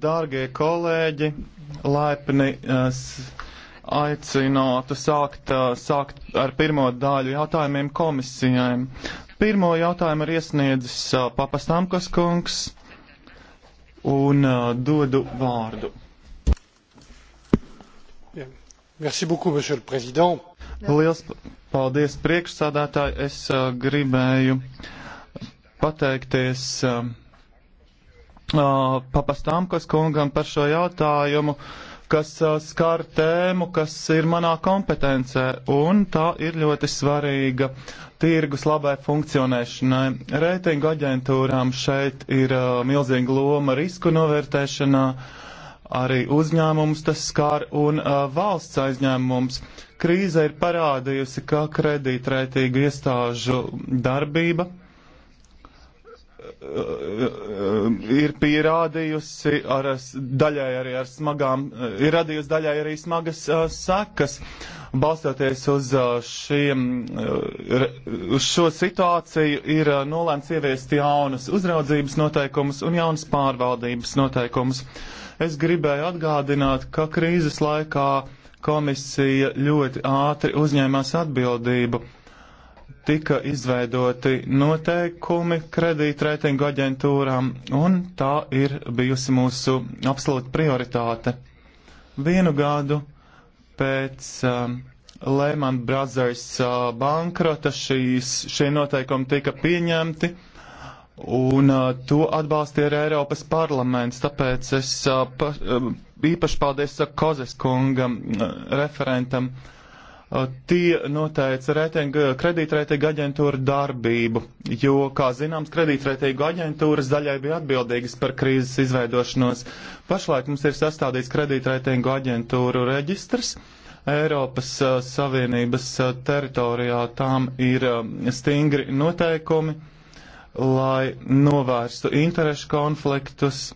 Dārgie kolēģi, laipni aicinātu sākt, sākt ar pirmo daļu jautājumiem komisijai. Pirmo jautājumu ir iesniedzis papastāmkas kungs un dodu vārdu. Merci beaucoup, monsieur le président. Liels paldies priekšsādātāji. Es gribēju pateikties. Uh, papastāmkas kungam par šo jautājumu, kas skar tēmu, kas ir manā kompetencē, un tā ir ļoti svarīga tirgus labai funkcionēšanai. Reitingu aģentūrām šeit ir milzīga loma risku novērtēšanā, arī uzņēmums tas skar un valsts aizņēmums. Krīze ir parādījusi, ka kredītreitīgu iestāžu darbība Eh, eh, ir pierādījusi ar, daļai arī ar smagām, eh, ir radījusi daļai arī smagas uh, sekas. Balstoties uz, uh, šiem, uh, uz šo situāciju, ir uh, nolēmts ieviest jaunas uzraudzības noteikumus un jaunas pārvaldības noteikumus. Es gribēju atgādināt, ka krīzes laikā komisija ļoti ātri uzņēmās atbildību. Uh, tika izveidoti noteikumi kredītreitingu aģentūrām, un tā ir bijusi mūsu absolūta prioritāte. Vienu gadu pēc um, Lehman Brothers uh, bankrota šīs, šie noteikumi tika pieņemti, un uh, to atbalstīja arī Eiropas parlaments, tāpēc es uh, pa, uh, īpaši paldies uh, Kozes kungam, uh, referentam. Uh, tie noteica reitinga, kredītreitinga aģentūra darbību, jo, kā zināms, kredītreitinga aģentūras daļai bija atbildīgas par krīzes izveidošanos. Pašlaik mums ir sastādīts kredītreitinga aģentūru reģistrs. Eiropas uh, Savienības uh, teritorijā tām ir uh, stingri noteikumi, lai novērstu interešu konfliktus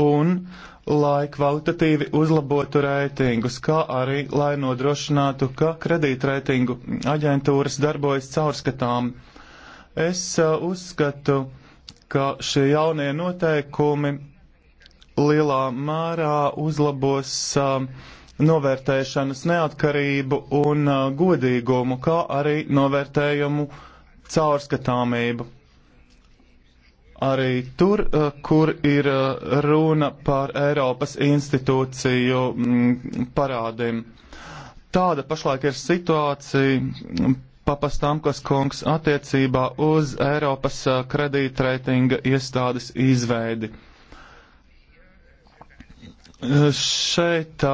un uh, lai kvalitatīvi uzlabotu reitingus, kā arī lai nodrošinātu, ka kredītreitingu aģentūras darbojas caurskatām. Es uh, uzskatu, ka šie jaunie noteikumi lielā mērā uzlabos uh, novērtēšanas neatkarību un uh, godīgumu, kā arī novērtējumu caurskatāmību arī tur, eh, kur ir eh, runa par Eiropas institūciju mm, parādiem. Tāda pašlaik ir situācija mm, papastāmkas kungs attiecībā uz Eiropas eh, kredītreitinga iestādes izveidi. Šeit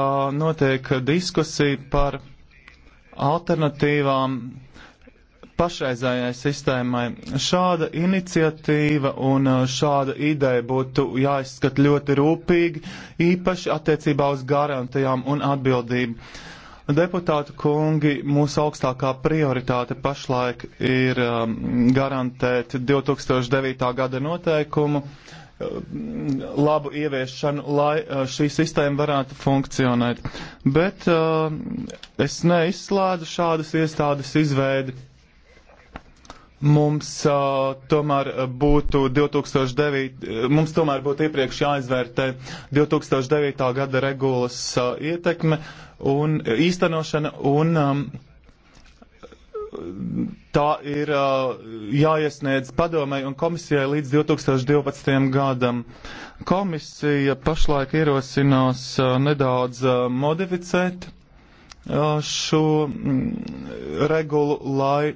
notiek diskusija par alternatīvām pašreizējai sistēmai. Šāda iniciatīva un uh, šāda ideja būtu jāizskat ļoti rūpīgi, īpaši attiecībā uz garantijām un atbildību. Deputāti kungi, mūsu augstākā prioritāte pašlaik ir um, garantēt 2009. gada noteikumu um, labu ieviešanu, lai uh, šī sistēma varētu funkcionēt. Bet uh, es neizslēdzu šādas iestādes izveidi Mums uh, tomēr būtu 2009, mums tomēr būtu iepriekš jāizvērtē 2009. gada regulas uh, ietekme un īstenošana un um, tā ir uh, jāiesniedz padomai un komisijai līdz 2012. gadam. Komisija pašlaik ierosinās uh, nedaudz uh, modificēt šo mm, regulu, lai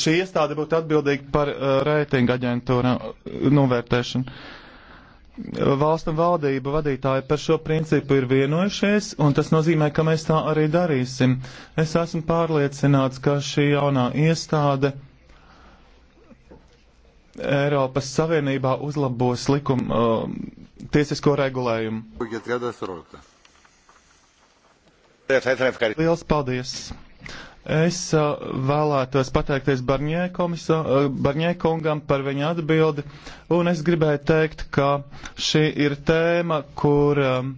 šī iestāde būtu atbildīga par uh, reitinga aģentūra uh, novērtēšanu. Uh, valsts un valdība vadītāji par šo principu ir vienojušies, un tas nozīmē, ka mēs tā arī darīsim. Es esmu pārliecināts, ka šī jaunā iestāde Eiropas Savienībā uzlabos likumu uh, tiesisko regulējumu. Liels paldies! Es uh, vēlētos pateikties Barņē, komisā, uh, Barņē kungam par viņa atbildi, un es gribēju teikt, ka šī ir tēma, kur um,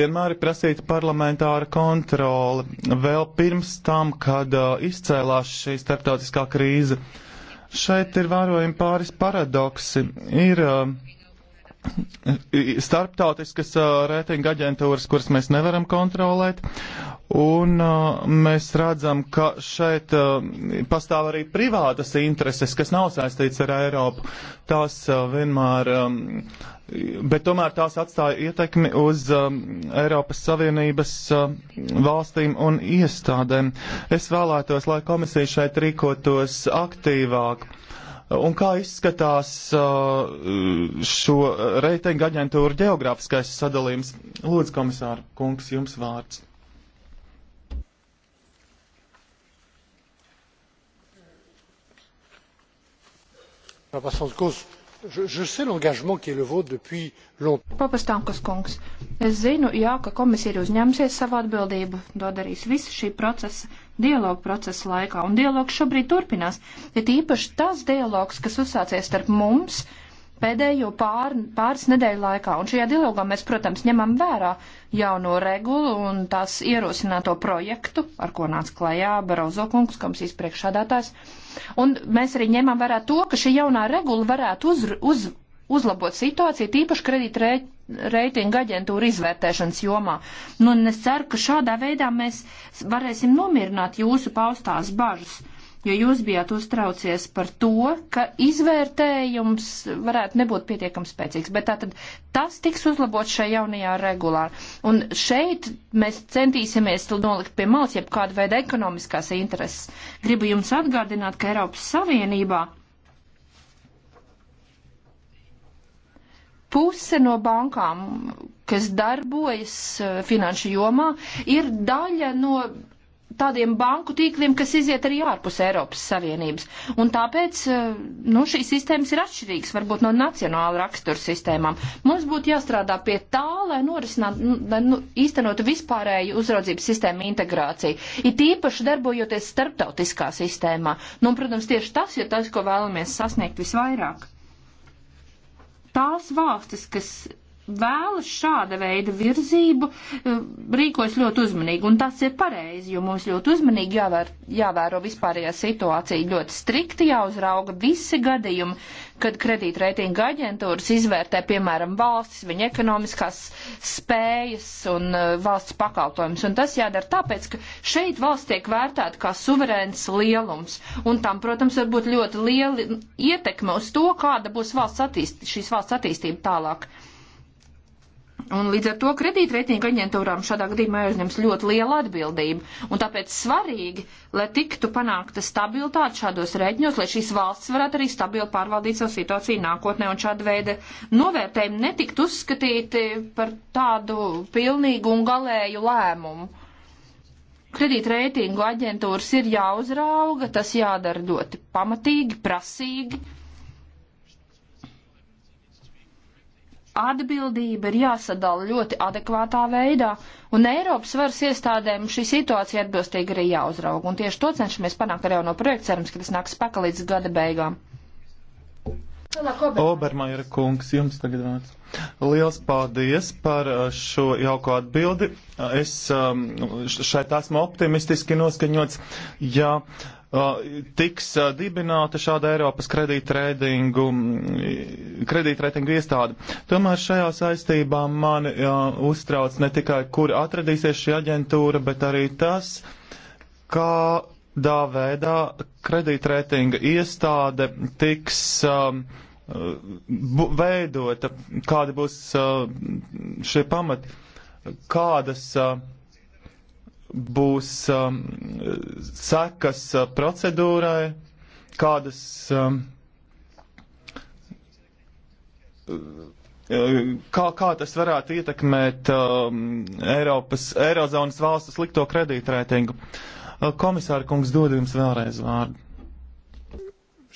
vienmēr ir prasīta parlamentāra kontrole. Vēl pirms tam, kad uh, izcēlās šī starptautiskā krīze, šeit ir vērojami pāris paradoksi. Ir uh, starptautiskas uh, reitinga aģentūras, kuras mēs nevaram kontrolēt, Un uh, mēs redzam, ka šeit uh, pastāv arī privātas intereses, kas nav saistīts ar Eiropu. Tās uh, vienmēr, um, bet tomēr tās atstāja ietekmi uz um, Eiropas Savienības uh, valstīm un iestādēm. Es vēlētos, lai komisija šeit rīkotos aktīvāk. Un kā izskatās uh, šo reitingu aģentūru geogrāfiskais sadalījums? Lūdzu, komisāra kungs, jums vārds. Papastāmkas kungs, es zinu, jā, ka komisija ir uzņēmusies savu atbildību, to darīs visu šī procesa, dialogu procesa laikā, un dialogs šobrīd turpinās, ir īpaši tas dialogs, kas uzsācies starp mums pēdējo pār, pāris nedēļu laikā. Un šajā dialogā mēs, protams, ņemam vērā jauno regulu un tās ierosināto projektu, ar ko nāca klajā Barozo kungs, komisijas priekšādātājs. Un mēs arī ņemam vērā to, ka šī jaunā regula varētu uz, uz, uzlabot situāciju, tīpaši kredīta rei, reitinga aģentūra izvērtēšanas jomā. Nu, un es ceru, ka šādā veidā mēs varēsim nomierināt jūsu paustās bažas jo jūs bijāt uztraucies par to, ka izvērtējums varētu nebūt pietiekams spēcīgs. Bet tātad tas tiks uzlabots šajā jaunajā regulā. Un šeit mēs centīsimies nolikt pie malas jebkāda veida ekonomiskās intereses. Gribu jums atgādināt, ka Eiropas Savienībā puse no bankām, kas darbojas eh, finanšu jomā, ir daļa no tādiem banku tīkliem, kas iziet arī ārpus Eiropas Savienības. Un tāpēc eh, nu, šīs sistēmas ir atšķirīgas, varbūt no nacionāla rakstura sistēmām. Mums būtu jāstrādā pie tā, lai, nu, lai nu, īstenotu vispārēju uzraudzības sistēmu integrāciju, it īpaši darbojoties starptautiskā sistēmā. Nu, un, protams, tieši tas ir tas, ko vēlamies sasniegt visvairāk. Tās valstis, kas vēlas šāda veida virzību, eh, rīkojas ļoti uzmanīgi, un tas ir pareizi, jo mums ļoti uzmanīgi jāvēr, jāvēro vispārējā situācija, ļoti strikti jāuzrauga visi gadījumi, kad kredītreitinga aģentūras izvērtē, piemēram, valstis, viņa ekonomiskās spējas un eh, valsts pakalpojums, un tas jādara tāpēc, ka šeit valsts tiek vērtēta kā suverēns lielums, un tam, protams, var būt ļoti liela ietekme uz to, kāda būs valsts attīst, šīs valsts attīstība tālāk. Un līdz ar to kredītreitinga aģentūrām šādā gadījumā jāuzņems ļoti liela atbildība. Un tāpēc svarīgi, lai tiktu panākta stabilitāte šādos reģiņos, lai šīs valsts varētu arī stabili pārvaldīt savu situāciju nākotnē. Un šāda veida novērtējumi netikt uzskatīti par tādu pilnīgu un galēju lēmumu. Kredītreitingu aģentūras ir jāuzrauga, tas jādara ļoti pamatīgi, prasīgi atbildība ir jāsadala ļoti adekvātā veidā, un Eiropas varas iestādēm šī situācija atbilstīgi arī jāuzrauga. Un tieši to cenšamies panākt ar jauno projektu, cerams, ka tas nāks spēkā līdz gada beigām. Obermaier kungs, jums tagad vārds. Liels paldies par uh, šo jauko atbildi. Es um, šeit esmu optimistiski noskaņots. Ja, uh, Uh, tiks uh, dibināta šāda Eiropas kredītreitingu kredīt iestāde. Tomēr šajā saistībā mani jā, uh, uztrauc ne tikai, kur atradīsies šī aģentūra, bet arī tas, kādā veidā kredītreitinga iestāde tiks um, veidota, kādi būs uh, šie pamati, kādas uh, būs um, sekas uh, procedūrai, kādas um, kā, kā tas varētu ietekmēt um, Eiropas, Eirozonas valstu slikto kredītreitingu. Uh, komisāra kungs dod jums vēlreiz vārdu.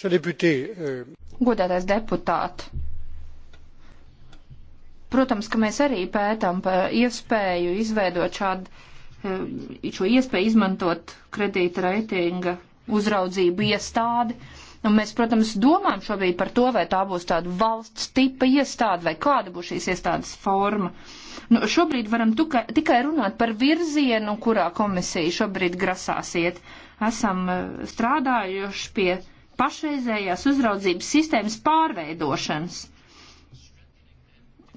Euh, Godētais deputāti. Protams, ka mēs arī pētām iespēju izveidot šādu Eh, šo iespēju izmantot kredīta reitinga uzraudzību iestādi. Un nu, mēs, protams, domājam šobrīd par to, vai tā būs tāda valsts tipa iestāde vai kāda būs šīs iestādes forma. Nu, šobrīd varam tukai, tikai runāt par virzienu, kurā komisija šobrīd grasās iet. Esam eh, strādājuši pie pašreizējās uzraudzības sistēmas pārveidošanas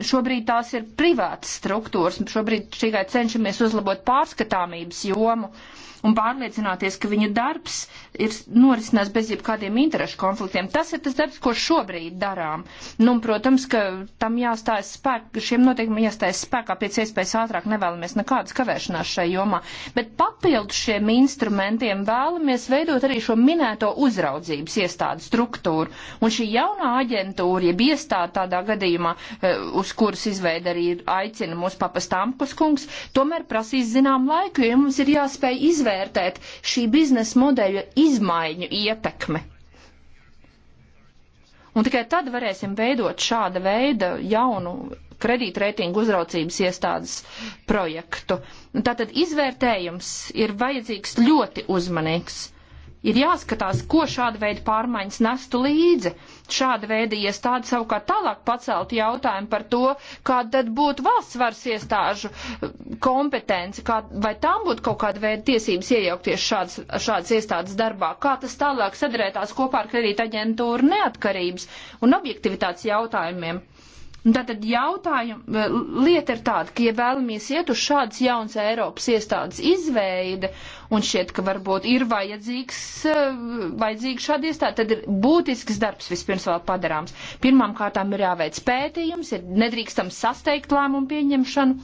Šobrīd tās ir privātas struktūras, un šobrīd tikai cenšamies uzlabot pārskatāmības jomu. Uh, un pārliecināties, ka viņa darbs ir norisinās bez jebkādiem interešu konfliktiem. Tas ir tas darbs, ko šobrīd darām. Nu, un, protams, ka tam jāstājas spēk, šiem noteikumiem jāstājas spēkā pēc iespējas ātrāk, nevēlamies nekādas kavēšanās šai jomā. Bet papildus šiem instrumentiem vēlamies veidot arī šo minēto uzraudzības iestādu struktūru. Un šī jaunā aģentūra, jeb iestāde tādā gadījumā, eh, uz kuras izveida arī aicina mūsu papastāmkus kungs, tomēr prasīs zinām laiku, jo ja mums ir jāspēj izveidot izvērtēt šī biznesa modeļa izmaiņu ietekmi. Un tikai tad varēsim veidot šāda veida jaunu kredītreitingu uzraucības iestādes projektu. Tātad izvērtējums ir vajadzīgs ļoti uzmanīgs ir jāskatās, ko šāda veida pārmaiņas nestu līdzi. Šāda veida iestāde savukārt tālāk paceltu jautājumu par to, kāda tad būtu valsts varas iestāžu eh, kompetence, kā, vai tām būtu kaut kāda veida tiesības iejaukties šādas, šādas iestādes darbā, kā tas tālāk sadarētās kopā ar kredīta aģentūru neatkarības un objektivitātes jautājumiem. Tātad jautājuma eh, lieta ir tāda, ka, ja vēlamies iet uz šādas jaunas Eiropas iestādes izveidi, un šķiet, ka varbūt ir vajadzīgs, eh, vajadzīga šāda iestāde, tad ir būtisks darbs vispirms vēl padarāms. Pirmām kārtām ir jāveic pētījums, ir nedrīkstam sasteigt lēmumu pieņemšanu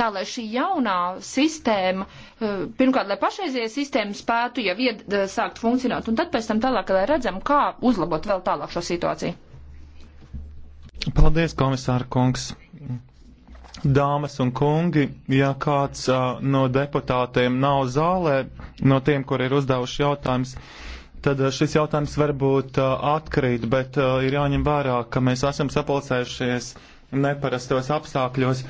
tā lai šī jaunā sistēma, eh, pirmkārt, lai pašreizējā sistēma spētu jau ied, sākt funkcionēt, un tad pēc tam tālāk, lai redzam, kā uzlabot vēl tālāk šo situāciju. Paldies, komisāra kungs! Dāmas un kungi, ja kāds uh, no deputātiem nav zālē, no tiem, kur ir uzdevuši jautājums, tad uh, šis jautājums varbūt uh, atkrīt, bet uh, ir jāņem vērā, ka mēs esam sapulcējušies neparastos apstākļos,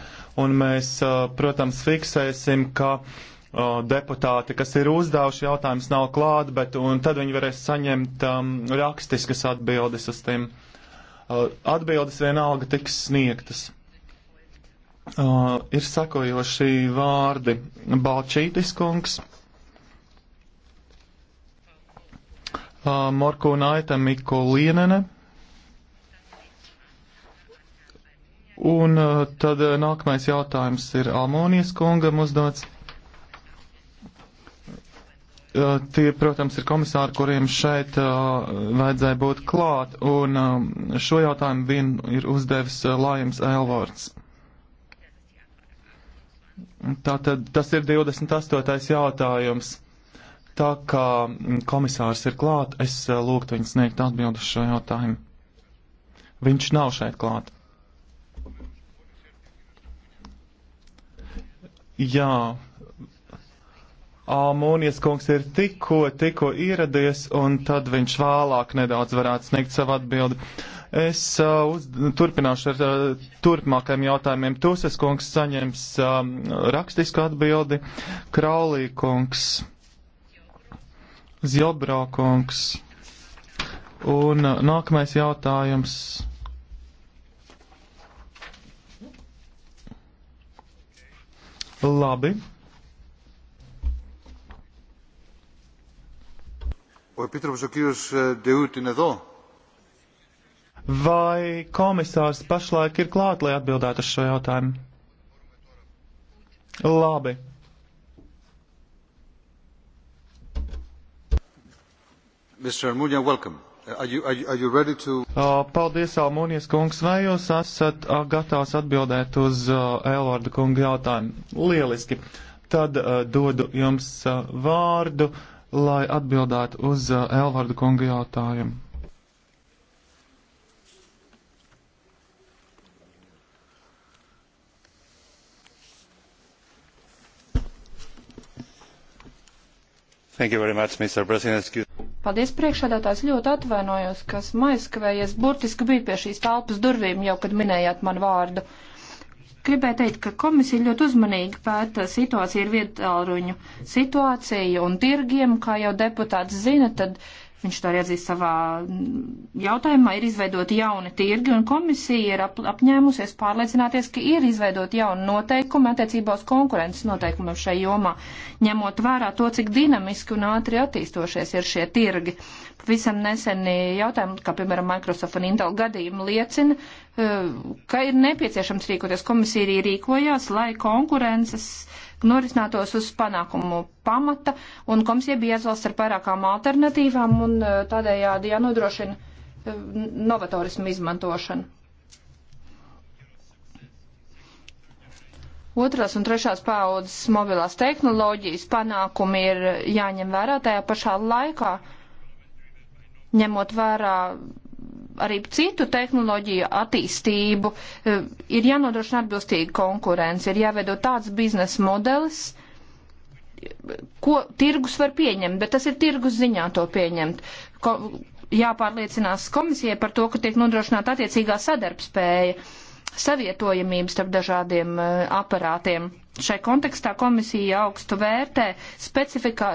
un mēs, uh, protams, fiksēsim, ka uh, deputāti, kas ir uzdevuši jautājumus, nav klāt, bet tad viņi varēs saņemt um, rakstiskas atbildes uz tiem atbildes vienalga tiks sniegtas. Uh, ir sakojoši vārdi Balčītis kungs, uh, Morkūnaita Mikulienene, un uh, tad uh, nākamais jautājums ir Almonijas kungam uzdots. Tie, protams, ir komisāri, kuriem šeit uh, vajadzēja būt klāt, un um, šo jautājumu vien ir uzdevis uh, Lājums Elvords. Tātad tas ir 28. jautājums. Tā kā komisārs ir klāt, es uh, lūgtu viņu sniegt atbildu šo jautājumu. Viņš nav šeit klāt. Jā, Almūnijas kungs ir tikko, tikko ieradies, un tad viņš vēlāk nedaudz varētu sniegt savu atbildi. Es uh, uz, turpināšu ar uh, turpmākajiem jautājumiem. Tūses kungs saņems uh, rakstisku atbildi, Kraulī kungs, Zjobrā kungs, un uh, nākamais jautājums. Labi. O Επίτροπος ο κύριος Ντεούτ είναι εδώ. Vai komisārs pašlaik ir klāt, lai atbildētu uz šo jautājumu? Labi. Mr. Almunia, welcome. Are you, are you, are you ready to... Uh, paldies, Almunijas kungs. Vai jūs esat uh, gatavs atbildēt uz uh, Elvarda kunga jautājumu? Lieliski. Tad uh, dodu jums uh, vārdu. Uh, lai atbildētu uz uh, Elvarda kunga jautājumu. Much, Paldies priekšādātājs, ļoti atvainojos, kas maizkavējies, burtiski bija pie šīs telpas durvīm jau, kad minējāt man vārdu. Uh, Gribēju teikt, ka komisija ļoti uzmanīgi pēta situāciju ar vietāluņu situāciju un tirgiem, kā jau deputāts zina, tad viņš to arī atzīst savā jautājumā, ir izveidoti jauni tirgi, un komisija ir ap, apņēmusies pārliecināties, ka ir izveidoti jauni noteikumi attiecībā uz konkurences noteikumiem šai jomā, ņemot vērā to, cik dinamiski un ātri attīstošies ir šie tirgi. Pavisam neseni jautājumi, kā piemēram Microsoft un Intel gadījumi liecina, Eh, ka ir nepieciešams rīkoties. Komisija arī rīkojās, lai konkurences norisinātos uz panākumu pamata, un komisija bija jāizvalst ar vairākām alternatīvām, un eh, tādējādi jānodrošina eh, novatorismu izmantošanu. Otrās un trešās paaudzes mobilās tehnoloģijas panākumi ir jāņem vērā tajā pašā laikā, ņemot vērā arī citu tehnoloģiju attīstību, e, ir jānodrošina atbilstīga konkurence, ir jāveido tāds biznesa modelis, ko tirgus var pieņemt, bet tas ir tirgus ziņā to pieņemt. Ko, jāpārliecinās komisijai par to, ka tiek nodrošināta attiecīgā sadarbspēja savietojamību starp dažādiem eh, aparātiem. Šai kontekstā komisija augstu vērtē specifikā,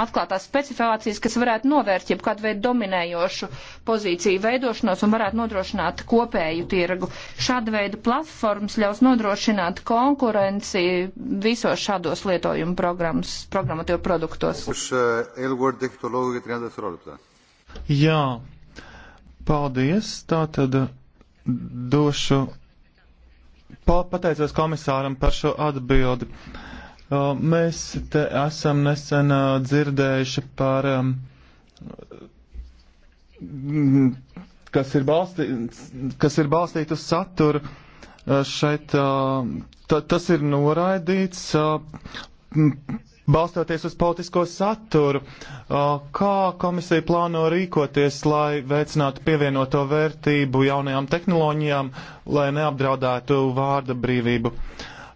atklātās specifikācijas, kas varētu novērst jeb kādu veidu dominējošu pozīciju veidošanos un varētu nodrošināt kopēju tirgu. Šāda veida platformas ļaus nodrošināt konkurenci visos šādos lietojumu programmas, programmatīvu produktos. Uz, uh, eh, Jā, paldies. Tātad mm, došu Pateicos komisāram par šo atbildi. Mēs te esam nesen dzirdējuši par, kas ir, balstī, kas ir balstīts uz saturu. Šeit tas ir noraidīts balstoties uz politisko saturu, kā komisija plāno rīkoties, lai veicinātu pievienoto vērtību jaunajām tehnoloģijām, lai neapdraudētu vārda brīvību.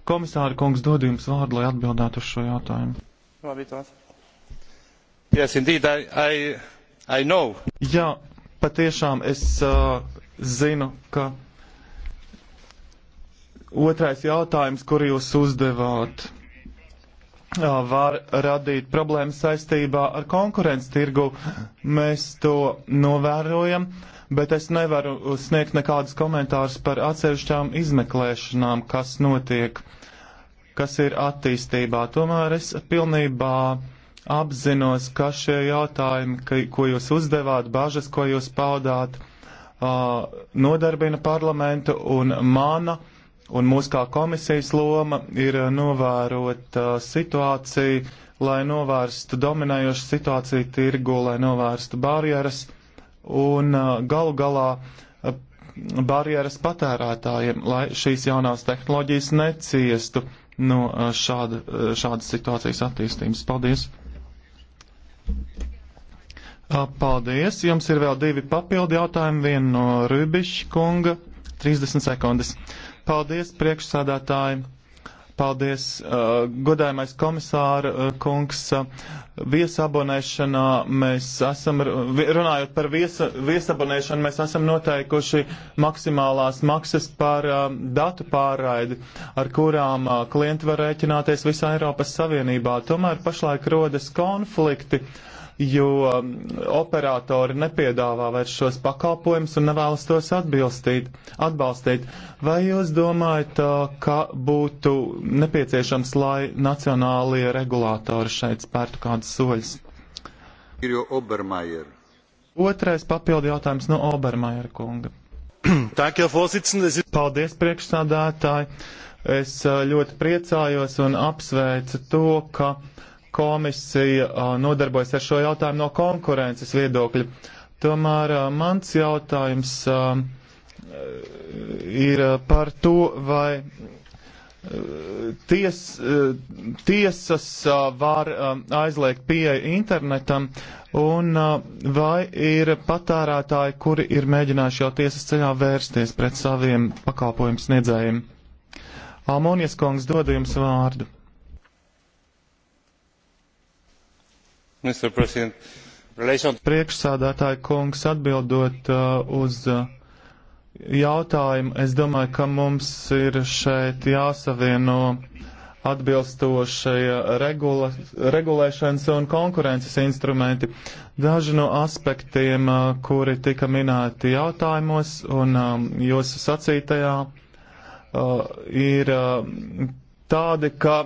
Komisāra kungs dod jums vārdu, lai atbildētu uz šo jautājumu. Labi, yes, indeed, I, I, I know. Jā, patiešām es uh, zinu, ka otrais jautājums, kur jūs uzdevāt var radīt problēmas saistībā ar konkurences tirgu. Mēs to novērojam, bet es nevaru sniegt nekādus komentārus par atsevišķām izmeklēšanām, kas notiek, kas ir attīstībā. Tomēr es pilnībā apzinos, ka šie jautājumi, ka, ko jūs uzdevāt, bažas, ko jūs paudāt, uh, nodarbina parlamentu un mana. Uh, Un mūsu kā komisijas loma ir uh, novērot uh, situāciju, lai novērstu dominējošu situāciju tirgu, lai novērstu barjeras un uh, galu galā uh, barjeras patērētājiem, lai šīs jaunās tehnoloģijas neciestu no uh, šāda, uh, šādas situācijas attīstības. Paldies! Uh, paldies! Jums ir vēl divi papildi jautājumi, vienu no Rubišķa kunga, 30 sekundes. Uh, Paldies, priekšsādātāji! Paldies, uh, godājumais komisāra uh, kungs. Uh, viesabonēšanā mēs esam, runājot par viesa, viesabonēšanu, mēs esam noteikuši maksimālās maksas par uh, datu pārraidi, ar kurām uh, klienti var rēķināties visā Eiropas Savienībā. Tomēr pašlaik rodas konflikti. Uh, jo um, operatori nepiedāvā vairs šos pakalpojumus un nevēlas tos atbilstīt, atbalstīt. Vai jūs domājat, uh, ka būtu nepieciešams, lai nacionālie regulātori šeit spērtu kādus soļus? Otrais papildu jautājums no Obermaiera kunga. Paldies, priekšsādātāji! Es uh, ļoti priecājos un apsveicu to, ka komisija nodarbojas ar šo jautājumu no konkurences viedokļa. Tomēr mans jautājums ir par to, vai ties, tiesas var aizliegt pieeja internetam un vai ir patērētāji, kuri ir mēģinājuši jau tiesas ceļā vērsties pret saviem pakalpojumu sniedzējiem. Almonijas kungs dodu jums vārdu. Priekšsādātāja kungs atbildot uh, uz uh, jautājumu, es domāju, ka mums ir šeit jāsavieno atbilstošie regula, regulēšanas un konkurences instrumenti. Daži no aspektiem, uh, kuri tika minēti jautājumos un uh, jūsu sacītajā, uh, ir uh, tādi, ka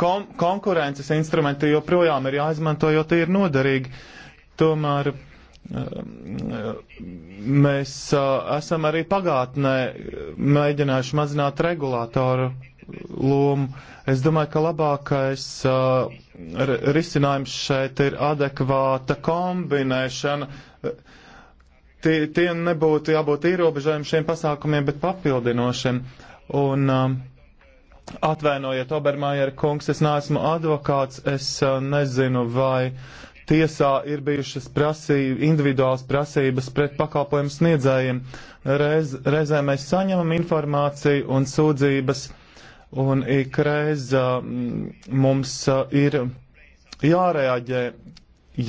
kom konkurences instrumenti joprojām ir jāizmanto, jo tie ir noderīgi. Tomēr eh, mēs eh, esam arī pagātnē mēģinājuši mazināt regulātoru lomu. Es domāju, ka labākais eh, risinājums šeit ir adekvāta kombinēšana. Tie, tie nebūtu jābūt ierobežojumiem šiem pasākumiem, bet papildinošiem. Un, uh, Atvainojiet, Obermajer kungs, es neesmu advokāts, es nezinu, vai tiesā ir bijušas prasība, individuāls prasības pret pakalpojumu sniedzējiem. Reiz, reizē mēs saņemam informāciju un sūdzības, un ikreiz mums ir jārēģē,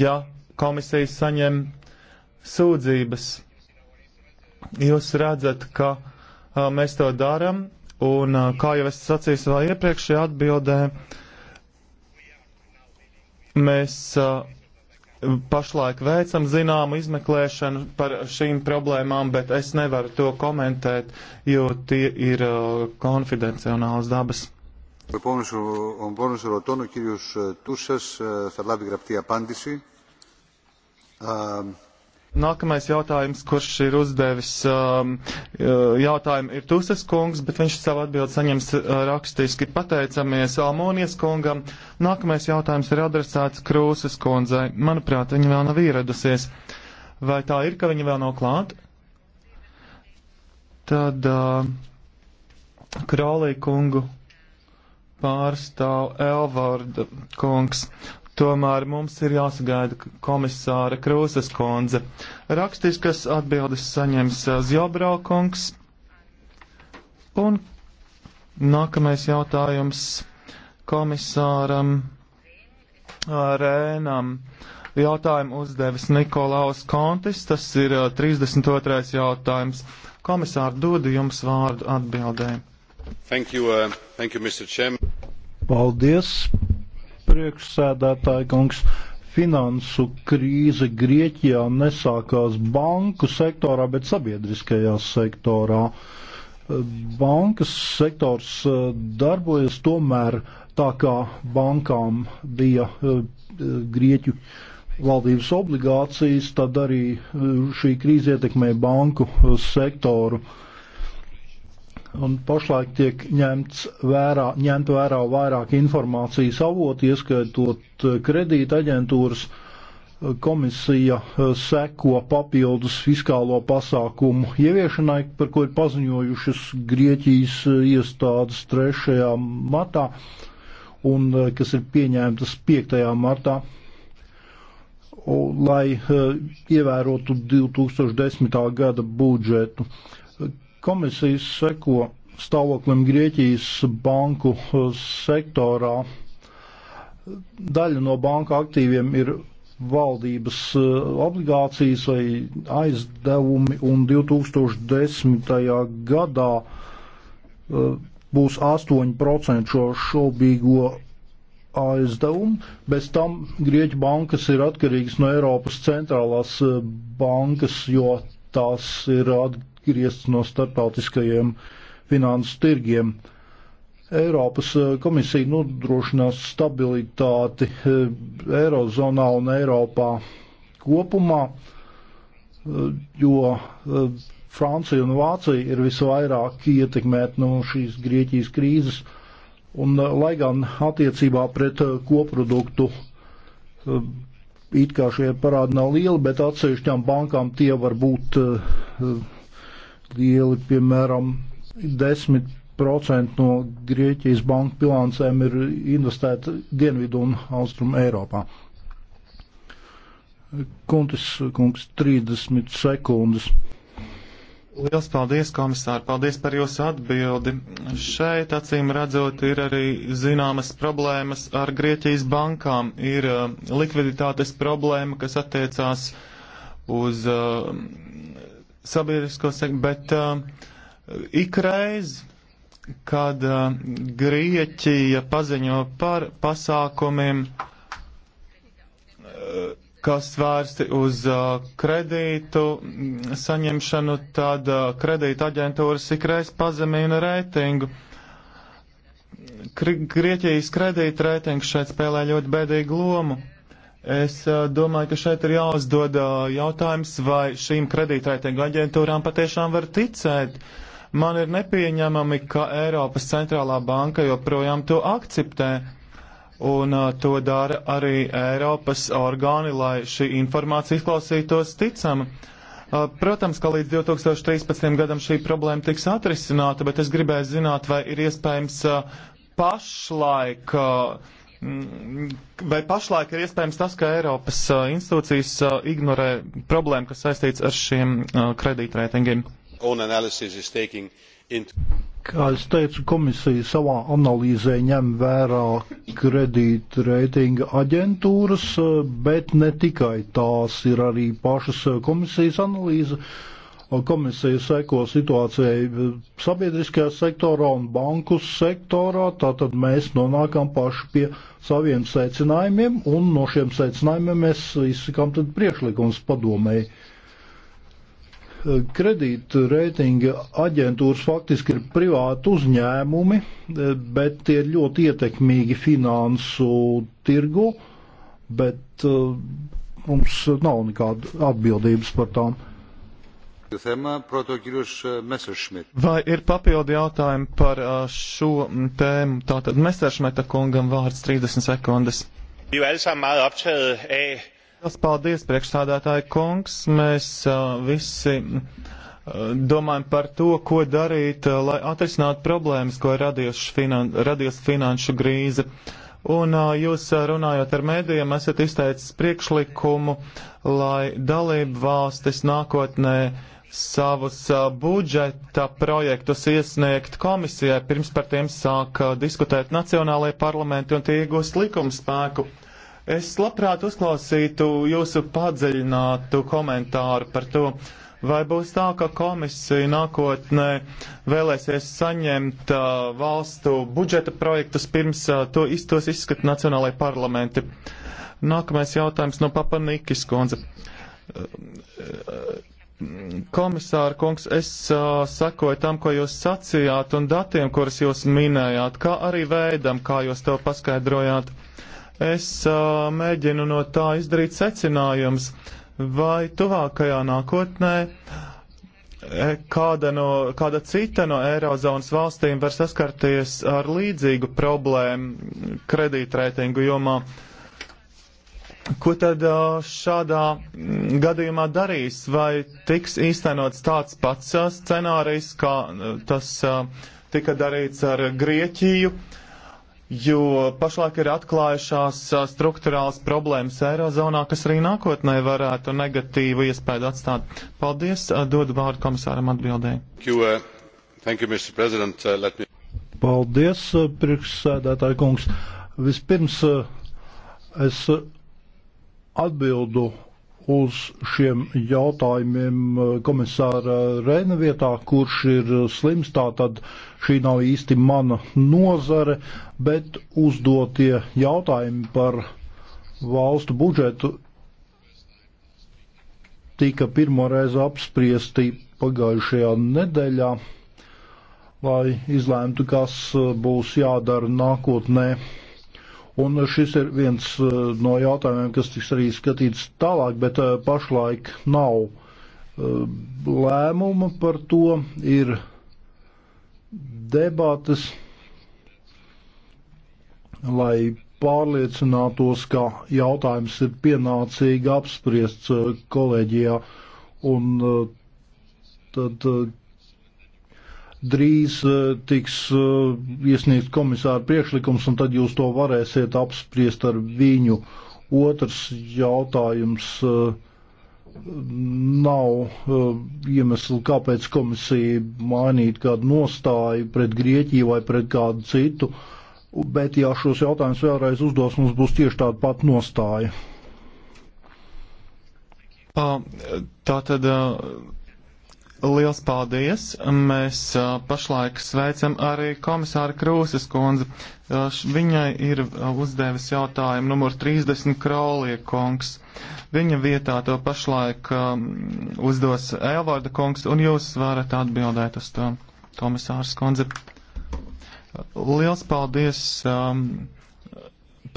ja komisija saņem sūdzības. Jūs redzat, ka mēs to darām, Un, kā jau es sacīju savā iepriekšējā atbildē, mēs pašlaik veicam zināmu izmeklēšanu par šīm problēmām, bet es nevaru to komentēt, jo tie ir konfidencionāls dabas. Ο επόμενος ερωτών, ο κύριος Τούσας, θα λάβει γραπτή απάντηση. Nākamais jautājums, kurš ir uzdevis um, uh, jautājumu, ir Tusas kungs, bet viņš savu atbildi saņems uh, rakstiski. Pateicamies Almonijas kungam. Nākamais jautājums ir adresēts Krūsas kundzei. Manuprāt, viņa vēl nav ieradusies. Vai tā ir, ka viņa vēl nav klāt? Tad uh, Kraulī kungu pārstāv Elvarda kungs. Tomēr mums ir jāsagaida komisāra Krūzes kundze. Rakstiskas atbildes saņems Zjobraukungs. Un nākamais jautājums komisāram Rēnam. Jautājumu uzdevis Nikolaus Kontis, tas ir 32. jautājums. Komisāri, dodu jums vārdu atbildē. Thank you, uh, thank you, Mr. Chairman. Paldies, priekšsēdētāja kungs. Finansu krīze Grieķijā nesākās banku sektorā, bet sabiedriskajā sektorā. Bankas sektors e, darbojas tomēr tā, kā bankām bija e, Grieķu valdības obligācijas, tad arī e, šī krīze ietekmē banku sektoru. Uh, un pašlaik tiek ņemts vērā, ņemt vērā vairāk informācijas avoti, ieskaitot eh, kredīta aģentūras komisija eh, seko papildus fiskālo pasākumu ieviešanai, par ko ir paziņojušas Grieķijas eh, iestādes 3. martā un kas ir pieņemtas 5. martā lai ievērotu 2010. gada budžetu. Komisijas seko stāvoklim Grieķijas banku eh, sektorā. Daļa no banka aktīviem ir valdības eh, obligācijas vai aizdevumi, un 2010. gadā eh, būs 8% šo šobrīgo aizdevumu. Bez tam Grieķu bankas ir atkarīgas no Eiropas centrālās bankas, jo tās ir atgriezt no starptautiskajiem finansu tirgiem. Eiropas eh, komisija nodrošinās stabilitāti eh, Eirozonā un Eiropā kopumā, eh, jo Francija un Vācija ir visvairāk ietekmēt no šīs Grieķijas krīzes. Un, lai gan attiecībā pret koproduktu it kā šie parādi nav lieli, bet atsevišķām bankām tie var būt lieli, piemēram, 10% no Grieķijas banku bilancēm ir investēta Dienvidu un Austrumu Eiropā. Kuntis, kungs, 30 sekundes. Liels paldies, komisāri! Paldies par jūsu atbildi. Šeit, acīm redzot, ir arī zināmas problēmas ar Grieķijas bankām. Ir uh, likviditātes problēma, kas attiecās uz uh, sabiedrisko sektoru, bet uh, um, ikreiz, kad uh, Grieķija paziņo par pasākumiem, uh, kas vērsti uz uh, kredītu mm, saņemšanu, tad uh, kredīta aģentūras ikreiz pazemina reitingu. Kri Grieķijas kredīta reitings šeit spēlē ļoti bēdīgu lomu. Es domāju, ka šeit ir jāuzdod jautājums, vai šīm kredītreitingu aģentūrām patiešām var ticēt. Man ir nepieņemami, ka Eiropas centrālā banka joprojām to akceptē, un to dara arī Eiropas orgāni, lai šī informācija izklausītos ticama. Protams, ka līdz 2013. gadam šī problēma tiks atrisināta, bet es gribēju zināt, vai ir iespējams pašlaik uh, Mm, vai pašlaik ir iespējams tas, ka Eiropas uh, institūcijas uh, ignorē problēmu, kas saistīts ar šiem uh, kredītreitingiem? Kā es teicu, komisija savā analīzē ņem vērā kredītreitinga aģentūras, bet ne tikai tās ir arī pašas komisijas analīze. Uh, Komisija seko situācijai sabiedriskajā sektorā un banku sektorā, tātad mēs nonākam paši pie saviem secinājumiem, un no šiem secinājumiem mēs izsakām tad priekšlikums padomēji. Kredīta reitinga aģentūras faktiski ir privāti uzņēmumi, bet tie ir ļoti ietekmīgi finansu tirgu, bet uh, mums nav nekāda atbildības par tām. Uh, Eh, Vai ir papildu jautājumi par eh, šo tēmu? Tātad Messeršmeta kungam vārds 30 sekundes. Er Liels paldies, priekšsādātāji kungs. Mēs eh, visi domājam par to, ko darīt, lai atrisinātu problēmas, ko ir radījusi finan finanšu krīze. Un jūs runājot ar mēdījiem, esat izteicis priekšlikumu, lai dalību valstis nākotnē savus budžeta projektus iesniegt komisijai, pirms par tiem sāk diskutēt nacionālajie parlamenti un tie iegūst likuma spēku. Es labprāt uzklausītu jūsu padziļinātu komentāru par to, vai būs tā, ka komisija nākotnē vēlēsies saņemt uh, valstu budžeta projektus pirms uh, to iztos izskata nacionālajai parlamenti. Nākamais jautājums no Papanikis kundze. Uh, uh, Komisāra kungs, es uh, sakoju tam, ko jūs sacījāt un datiem, kurus jūs minējāt, kā arī veidam, kā jūs to paskaidrojāt. Es uh, mēģinu no tā izdarīt secinājums, vai tuvākajā nākotnē e, kāda, no, kāda cita no Eirozonas valstīm var saskarties ar līdzīgu problēmu kredītreitingu jomā. Uh, Ko tad šādā mm, gadījumā darīs? Vai tiks īstenots tāds pats scenārijs, kā tas tika darīts ar Grieķiju, jo pašlaik ir atklājušās struktūrāls problēmas Eirozonā, kas arī nākotnē varētu negatīvu iespēju atstāt? Paldies, dodu vārdu komisāram atbildēji. Me... Paldies, priekšsēdētāji kungs. Vispirms es atbildu uz šiem jautājumiem eh, komisāra Rēna vietā, kurš ir eh, slims, tā tad šī nav īsti mana nozare, bet uzdotie jautājumi par valstu budžetu tika pirmoreiz apspriesti pagājušajā nedēļā, lai izlēmtu, kas eh, būs jādara nākotnē. Un šis ir viens eh, no jautājumiem, kas tiks arī skatīts tālāk, bet eh, pašlaik nav eh, lēmuma par to. Ir debates, lai pārliecinātos, ka jautājums ir pienācīgi apspriests kolēģijā. Un tad drīz eh, tiks eh, iesniegts komisāra priekšlikums, un tad jūs to varēsiet apspriest ar viņu. Otrs jautājums eh, nav iemesli, kāpēc komisija mainītu kādu nostāju pret Grieķiju vai pret kādu citu, bet ja šos jautājumus vēlreiz uzdos, mums būs tieši tāda pat nostāja. Tā tad Liels paldies! Mēs uh, pašlaik sveicam arī komisāru Krūzes kundzi. Uh, viņai ir uh, uzdevis jautājumu numur 30 Kraulie kungs. Viņa vietā to pašlaik uzdos Elvarda kungs, un jūs varat atbildēt uz to, komisārs kundze. Liels paldies! Um,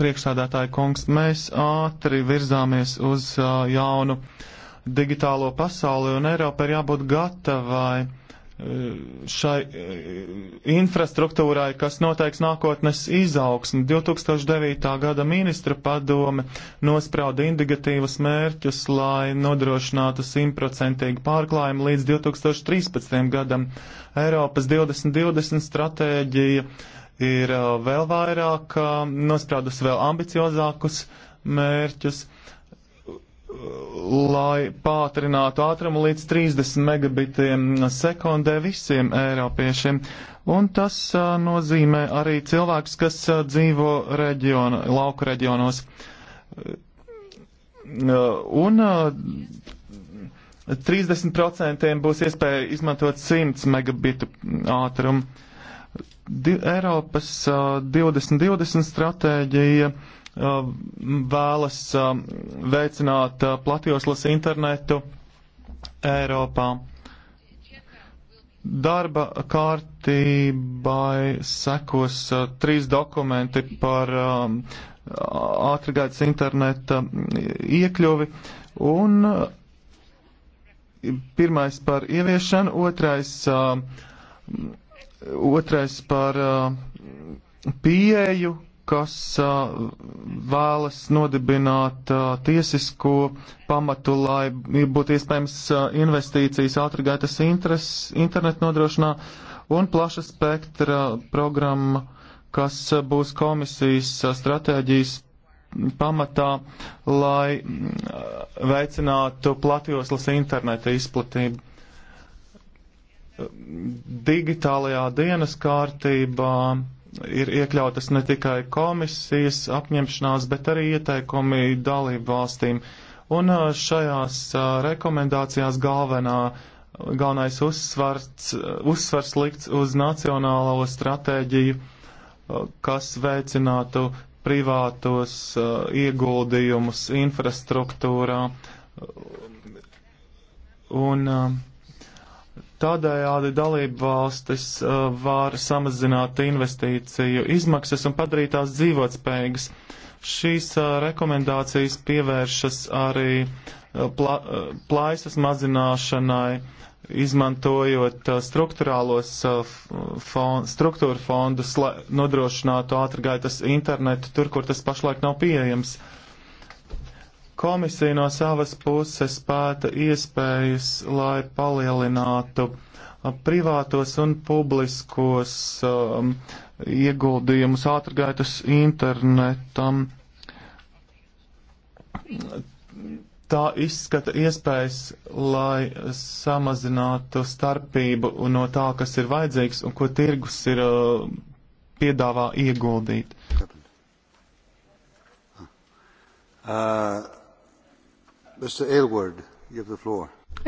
Priekšsādātāji kungs, mēs ātri virzāmies uz uh, jaunu uh, digitālo pasauli, un Eiropa ir jābūt gatavai eh, šai eh, infrastruktūrai, kas noteiks nākotnes izaugsmi. 2009. gada ministra padome nosprauda indikatīvas mērķus, lai nodrošinātu simtprocentīgu pārklājumu līdz 2013. gadam. Eiropas 2020 stratēģija ir eh, vēl vairāk nospraudusi vēl ambiciozākus mērķus lai pātrinātu ātrumu līdz 30 megabitiem sekundē visiem eiropiešiem. Un tas a, nozīmē arī cilvēks, kas a, dzīvo reģiona, lauku reģionos. Un a, 30% būs iespēja izmantot 100 megabitu ātrumu. Di Eiropas 2020 stratēģija Um, vēlas um, veicināt uh, platjoslas internetu Eiropā. Darba kārtībai sekos uh, trīs dokumenti par um, ātrgaitas interneta iekļuvi un uh, pirmais par ieviešanu, otrais, otrais par pieeju kas uh, vēlas nodibināt uh, tiesisko pamatu, lai būtu iespējams uh, investīcijas ātrgaitas internetu nodrošinā un plaša spektra programma, kas būs komisijas stratēģijas pamatā, lai veicinātu platjoslas interneta izplatību. Digitālajā dienas kārtībā uh, ir iekļautas ne tikai komisijas apņemšanās, bet arī ieteikumi dalību valstīm. Un šajās rekomendācijās galvenā, galvenais uzsvars, uzsvars likts uz nacionālo stratēģiju, kas veicinātu privātos ieguldījumus infrastruktūrā. Un uh, Tādējādi dalību valstis uh, var samazināt investīciju izmaksas un padarīt tās dzīvotspējīgas. Šīs uh, rekomendācijas pievēršas arī uh, pla uh, plaisas mazināšanai, izmantojot uh, struktūrālos fond, struktūra fondus, lai nodrošinātu ātrgaitas internetu tur, kur tas pašlaik nav pieejams. Uh, Komisija no savas puses pēta iespējas, lai palielinātu privātos un publiskos um, ieguldījumus ātrgaitas internetam. Tā izskata iespējas, lai samazinātu starpību no tā, kas ir vajadzīgs un ko tirgus ir uh, piedāvā ieguldīt. Uh. Elvard,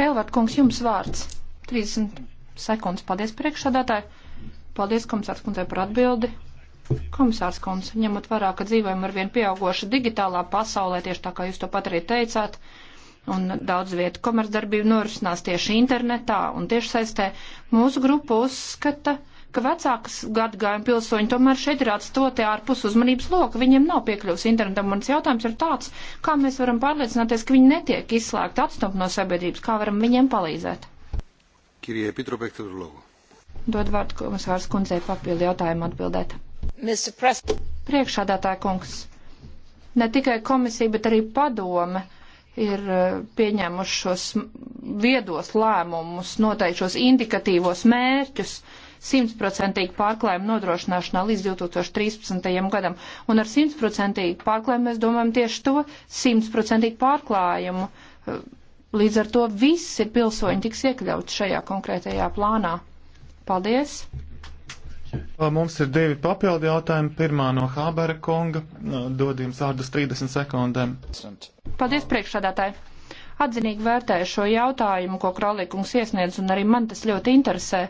Elvard kungs, jums vārds. 30 sekundes. Paldies priekšsādātāji. Paldies komisārs kundzei par atbildi. Komisārs kundze, ņemot vērā, ka dzīvojam ar vien pieaugošu digitālā pasaulē, tieši tā kā jūs to pat arī teicāt, un daudz vietu komercdarbību norisinās tieši internetā un tiešsaistē, mūsu grupa uzskata, ka ka vecākas gadgājuma pilsoņi tomēr šeit ir atstotie ārpus uzmanības loka, viņiem nav piekļuvs internetam. Mans jautājums ir tāds, kā mēs varam pārliecināties, ka viņi netiek izslēgti atstumt no sabiedrības, kā varam viņiem palīdzēt? Kirie Pitropektoru logu. Dod vārdu komisārs kundzei papildu jautājumu atbildēt. Priekšādātāja kungs, ne tikai komisija, bet arī padome ir eh, pieņēmušos viedos lēmumus, noteikšos indikatīvos mērķus, uh, simtprocentīgu pārklājumu nodrošināšanā līdz 2013. gadam. Un ar simtprocentīgu pārklājumu mēs domājam tieši to simtprocentīgu pārklājumu. Līdz ar to visi pilsoņi tiks iekļauts šajā konkrētajā plānā. Paldies! Mums ir divi papildi jautājumi. Pirmā no Hābera konga. Dod jums vārdus 30 sekundēm. Paldies, priekšsādātāji! Atzinīgi vērtēju šo jautājumu, ko Kralīkungs iesniedz, un arī man tas ļoti interesē.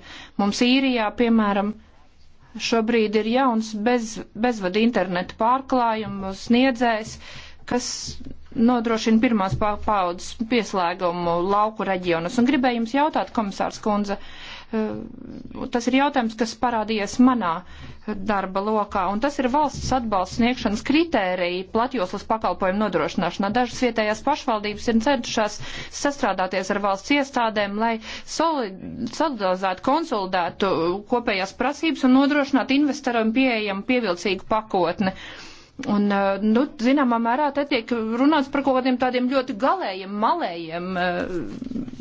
Mums īrijā, piemēram, šobrīd ir jauns bez, bezvada interneta pārklājumu sniedzējs, kas nodrošina pirmās paudzes pieslēgumu lauku reģionus. Un gribēju jums jautāt, komisārs Kunze, uh, Eh, tas ir jautājums, kas parādījies manā darba lokā, un tas ir valsts atbalsts sniegšanas kritērija platjoslas pakalpojumu nodrošināšanā. Dažas vietējās pašvaldības ir centušās sastrādāties ar valsts iestādēm, lai solidarizētu, konsolidētu kopējās prasības un nodrošinātu investoram pieejamu pievilcīgu pakotni. Un, eh, nu, zināmā mērā, te tiek runāts par kaut kādiem tādiem ļoti galējiem, malējiem eh,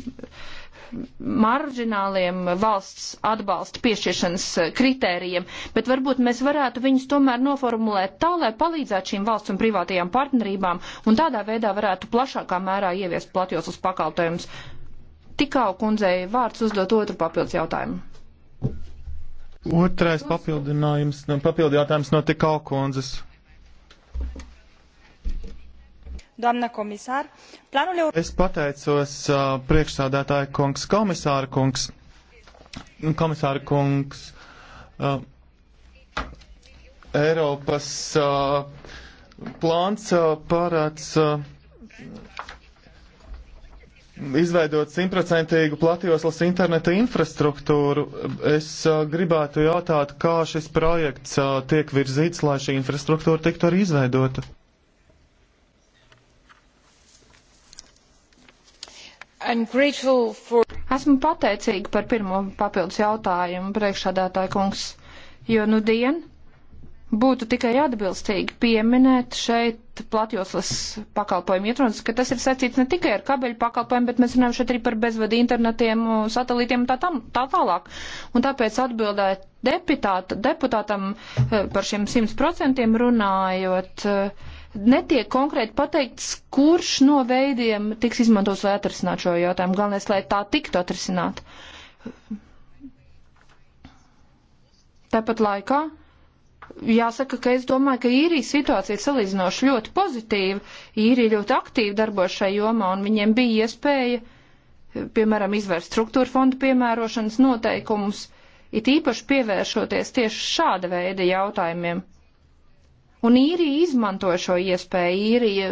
marģināliem valsts atbalsta piešķiršanas eh, kritērijiem, bet varbūt mēs varētu viņus tomēr noformulēt tā, lai palīdzētu šīm valsts un privātajām partnerībām un tādā veidā varētu plašākā mērā ieviest platjoslas pakalpojumus. Tikau kundzei vārds uzdot otru papildus jautājumu. Otrais papildinājums, nu, papildu jautājums no Tikau kundzes doamnă comisar, planul european. Es pateicos uh, priekšsādātāja kungs, komisāra kungs. Komisāra kungs, uh, Eiropas uh, plāns uh, parāds. Uh, izveidot simtprocentīgu platjoslas interneta infrastruktūru. Es uh, gribētu jautāt, kā šis projekts uh, tiek virzīts, lai šī infrastruktūra tiktu arī izveidota. For... Esmu pateicīga par pirmo papildus jautājumu, priekšādātāja kungs, jo nu dien būtu tikai atbilstīgi pieminēt šeit platjoslas pakalpojumu ietrunas, ka tas ir saistīts ne tikai ar kabeļu pakalpojumu, bet mēs runājam šeit arī par bezvadu internetiem, satelītiem un tā, tam, tā tālāk. Un tāpēc atbildēt deputāta, deputātam eh, par šiem 100% runājot. Uh, netiek konkrēti pateikts, kurš no veidiem tiks izmantos, lai atrisināt šo jautājumu. Galvenais, lai tā tiktu atrisināt. Tāpat laikā jāsaka, ka es domāju, ka īrijas situācija ir salīdzinoši ļoti pozitīva. Īrija ļoti aktīvi darbojas šajā jomā, un viņiem bija iespēja, piemēram, izvērst struktūra fondu piemērošanas noteikumus, it īpaši pievēršoties tieši šāda veida jautājumiem. Un īrija izmantoja šo iespēju. Īrija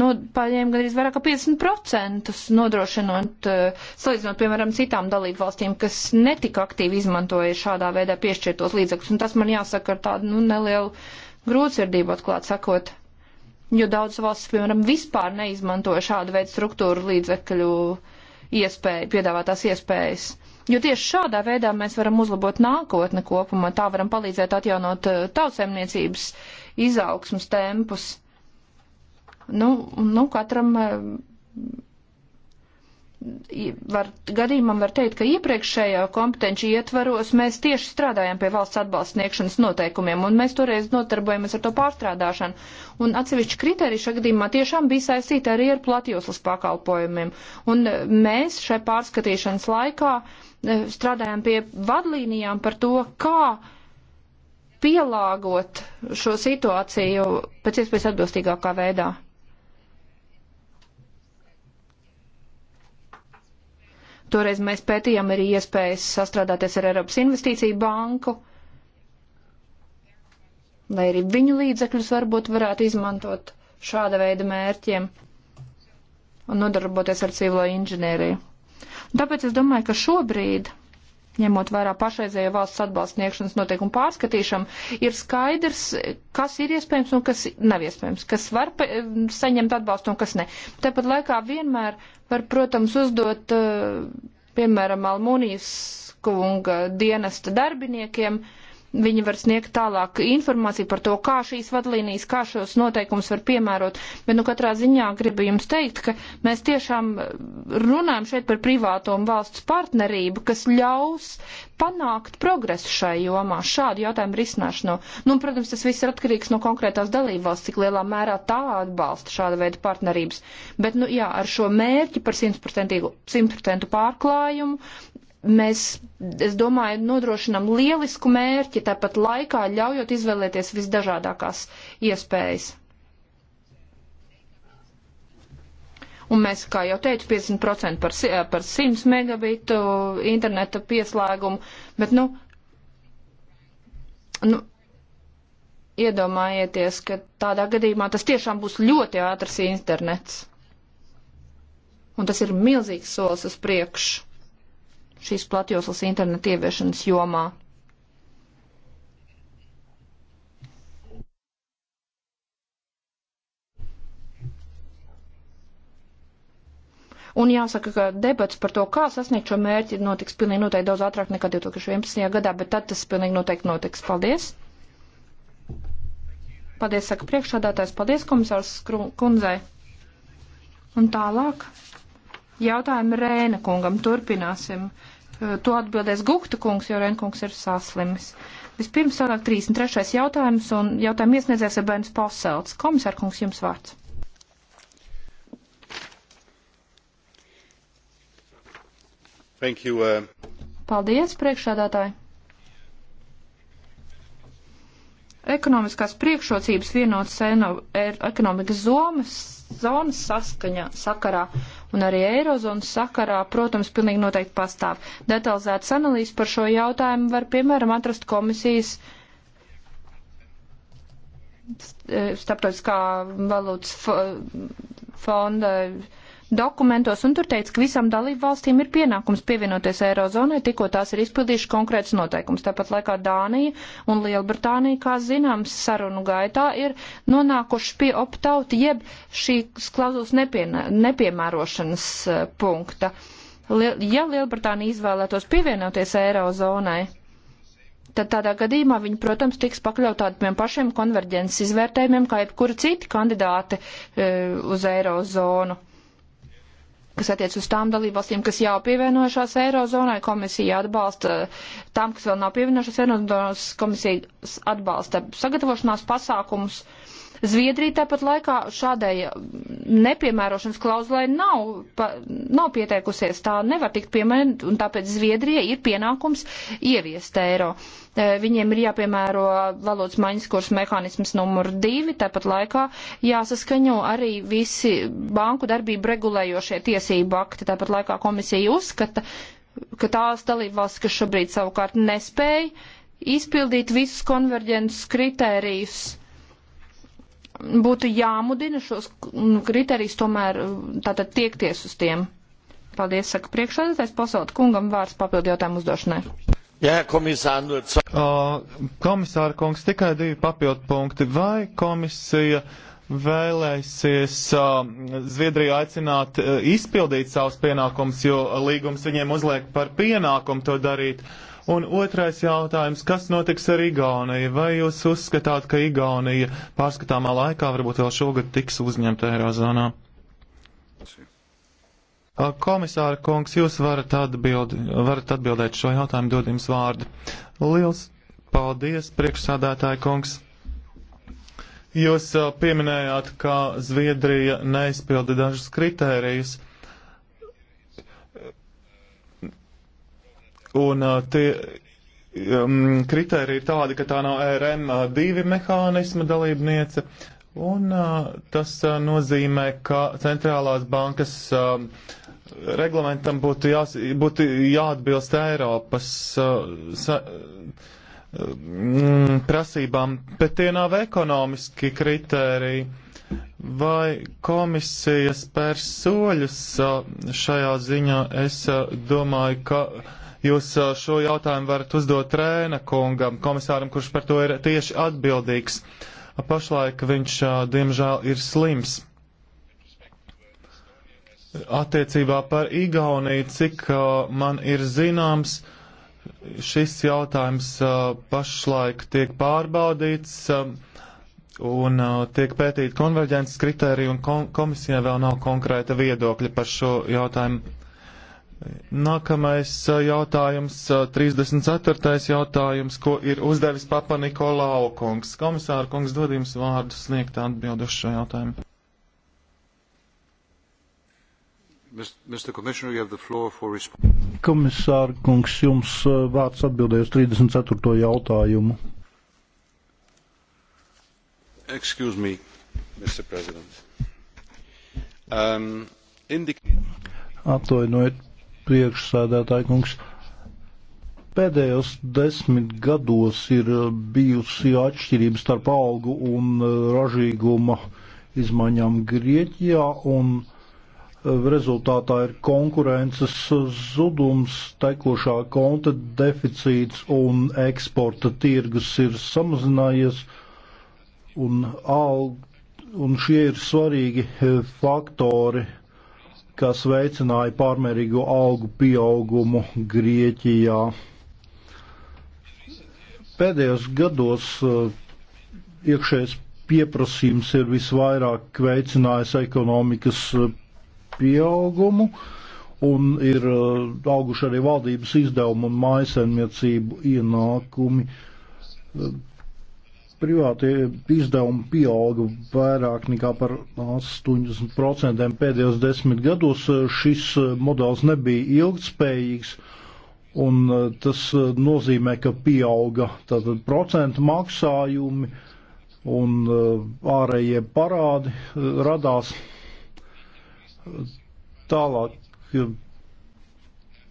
nu, paņēma gandrīz vairāk kā 50% nodrošinot, eh, salīdzinot, piemēram, citām dalību valstīm, kas netika aktīvi izmantoja šādā veidā piešķirtos līdzekļus. Un tas man jāsaka ar tādu nu, nelielu grūtsirdību atklāt sakot. Jo daudz valsts, piemēram, vispār neizmantoja šādu veidu struktūru līdzekļu iespēju, piedāvātās iespējas. Jo tieši šādā veidā mēs varam uzlabot nākotni kopumā, tā varam palīdzēt atjaunot eh, tautsēmniecības izaugsmas tempus. Nu, nu katram eh, var, gadījumam var teikt, ka iepriekšējā kompetenci ietvaros mēs tieši strādājam pie valsts atbalsta sniegšanas noteikumiem, un mēs toreiz notarbojamies ar to pārstrādāšanu. Un atsevišķi kriteriji šajā gadījumā tiešām bija saistīti arī ar platjoslas pakalpojumiem. Un e, mēs šai pārskatīšanas laikā e, strādājam pie vadlīnijām par to, kā pielāgot šo situāciju pēc iespējas atbilstīgākā veidā. Toreiz mēs pētījām arī iespējas sastrādāties ar Eiropas investīciju banku, lai arī viņu līdzekļus varbūt varētu izmantot šāda veida mērķiem un nodarboties ar civilo inženieriju. Un tāpēc es domāju, ka šobrīd ņemot vērā pašreizējo valsts atbalsta sniegšanas noteikumu pārskatīšanu, ir skaidrs, kas ir iespējams un kas nav iespējams, kas var saņemt atbalstu un kas ne. Tāpat laikā vienmēr var, protams, uzdot, eh, piemēram, Almūnijas kunga dienesta darbiniekiem uh, Viņi var sniegt tālāk informāciju par to, kā šīs vadlīnijas, kā šos noteikumus var piemērot. Bet, nu, katrā ziņā gribu jums teikt, ka mēs tiešām runājam šeit par privāto un valsts partnerību, kas ļaus panākt progresu šai jomā, šādu jautājumu risināšanu. Nu, un, protams, tas viss ir atkarīgs no konkrētās dalībvalsts, cik lielā mērā tā atbalsta šāda veida partnerības. Bet, nu, jā, ar šo mērķi par 100% pārklājumu mēs, es domāju, nodrošinam lielisku mērķi, tāpat laikā ļaujot izvēlēties visdažādākās iespējas. Un mēs, kā jau teicu, 50% par, par 100 megabitu interneta pieslēgumu, bet, nu, nu, iedomājieties, ka tādā gadījumā tas tiešām būs ļoti ātrs internets. Un tas ir milzīgs solis uz priekšu šīs platjoslas interneta ieviešanas jomā. Un jāsaka, ka debats par to, kā sasniegt šo mērķi, notiks pilnīgi noteikti daudz ātrāk nekā 2011. gadā, bet tad tas pilnīgi noteikti notiks. Paldies! Paldies, saka priekšādātājs. Paldies, komisārs kundzei. Un tālāk jautājumu Rēna kungam. Turpināsim. To atbildēs Gukta kungs, jo Rēna kungs ir saslimis. Vispirms sanāk 33. jautājums un jautājumu iesniedzēs ir Bērns Poselts. Komisār kungs, jums vārds. Thank you, uh... Paldies, priekšādātāji! ekonomiskās priekšrocības vienotas er, ekonomikas zonas, zonas saskaņa sakarā un arī eirozonas sakarā, protams, pilnīgi noteikti pastāv. Detalizētas analīzes par šo jautājumu var, piemēram, atrast komisijas eh, starptautiskā valūtas fonda. F dokumentos, un tur teica, ka visām dalību valstīm ir pienākums pievienoties Eirozonai, tikko tās ir izpildījušas konkrēts noteikums. Tāpat laikā Dānija un Lielbritānija, kā zināms, sarunu gaitā ir nonākuši pie optauta, jeb šīs klauzulas nepiemērošanas eh, punkta. Ja Lielbritānija izvēlētos pievienoties Eirozonai, tad tādā gadījumā viņi, protams, tiks pakļaut tādiem pašiem konverģences izvērtējumiem, kā jebkura cita kandidāte e, eh, uz eirozonu kas attiec uz tām dalībvalstīm, kas jau pievienojušās Eirozonai, komisija atbalsta tām, kas vēl nav pievienojušās Eirozonas, komisija atbalsta sagatavošanās pasākumus. Uh, Zviedrija tāpat laikā šādai nepiemērošanas klauzulai nav, pa, nav pieteikusies, tā nevar tikt piemērot, un tāpēc Zviedrija ir pienākums ieviest eiro. E, viņiem ir jāpiemēro valodas maiņas kursa mehānisms numur divi, tāpat laikā jāsaskaņo arī visi banku darbību regulējošie tiesību akti, tāpat laikā komisija uzskata, ka tās dalībvalstis, kas šobrīd savukārt nespēja izpildīt visus konverģences kritērijus, būtu jāmudina šos nu, kriterijus tomēr uh, tātad tiekties uz tiem. Paldies, saka priekšsēdētājs pasaut kungam vārds papildu jautājumu uzdošanai. Jā, komisār, nu... uh, komisāra kungs, tikai divi papildu punkti. Vai komisija vēlēsies uh, Zviedriju aicināt uh, izpildīt savus pienākumus, jo līgums viņiem uzliek par pienākumu to darīt? Uh, Un otrais jautājums, kas notiks ar Igauniju? Vai jūs uzskatāt, ka Igaunija pārskatāmā laikā varbūt vēl šogad tiks uzņemta Eirozonā? Komisāra kungs, jūs varat, atbild, varat atbildēt šo jautājumu, dod jums vārdu. Liels paldies, priekšsādātāja kungs. Jūs pieminējāt, ka Zviedrija neizpilda dažus kritērijus. Uh, Un tie um, kriteriji ir tādi, ka tā nav RM2 mehānisma dalībniece, un uh, tas uh, nozīmē, ka centrālās bankas uh, reglamentam būtu, jās, būtu jāatbilst Eiropas uh, sa, mm, prasībām, bet tie nav ekonomiski kriteriji. Vai komisija spērs soļus šajā ziņā? Es domāju, ka Jūs šo jautājumu varat uzdot Rēna kungam, komisāram, kurš par to ir tieši atbildīgs. Pašlaik viņš, diemžēl, ir slims. Attiecībā par Igauniju, cik man ir zināms, šis jautājums pašlaik tiek pārbaudīts un uh, tiek pētīti konverģences kritēriji, un kom komisijai vēl nav konkrēta viedokļa par šo jautājumu. Nākamais uh, jautājums, 34. Uh, jautājums, ko ir uzdevis Papa Nikolau kungs. Komisāra kungs dod jums vārdu sniegt atbildu uz šo jautājumu. Komisāra kungs, jums uh, vārds atbildēja uz 34. jautājumu. Excuse me, Mr. President. Um, Atvainojiet, priekšsēdētāji kungs. Pēdējos desmit gados ir bijusi atšķirība starp algu un e, ražīguma izmaiņām Grieķijā, un e, rezultātā ir konkurences zudums, tekošā konta deficīts un eksporta tirgus ir samazinājies, un, alg, un šie ir svarīgi e, faktori kas veicināja pārmērīgo algu pieaugumu Grieķijā. Pēdējos gados eh, iekšējais pieprasījums ir visvairāk veicinājis ekonomikas eh, pieaugumu un ir eh, auguši arī valdības izdevumu un mājasemniecību ienākumi privātie izdevumi pieauga vairāk nekā par 80% pēdējos desmit gados. E, šis e, modelis nebija ilgspējīgs, un e, tas nozīmē, ka pieauga tātad procentu maksājumi un ārējie parādi radās tālāk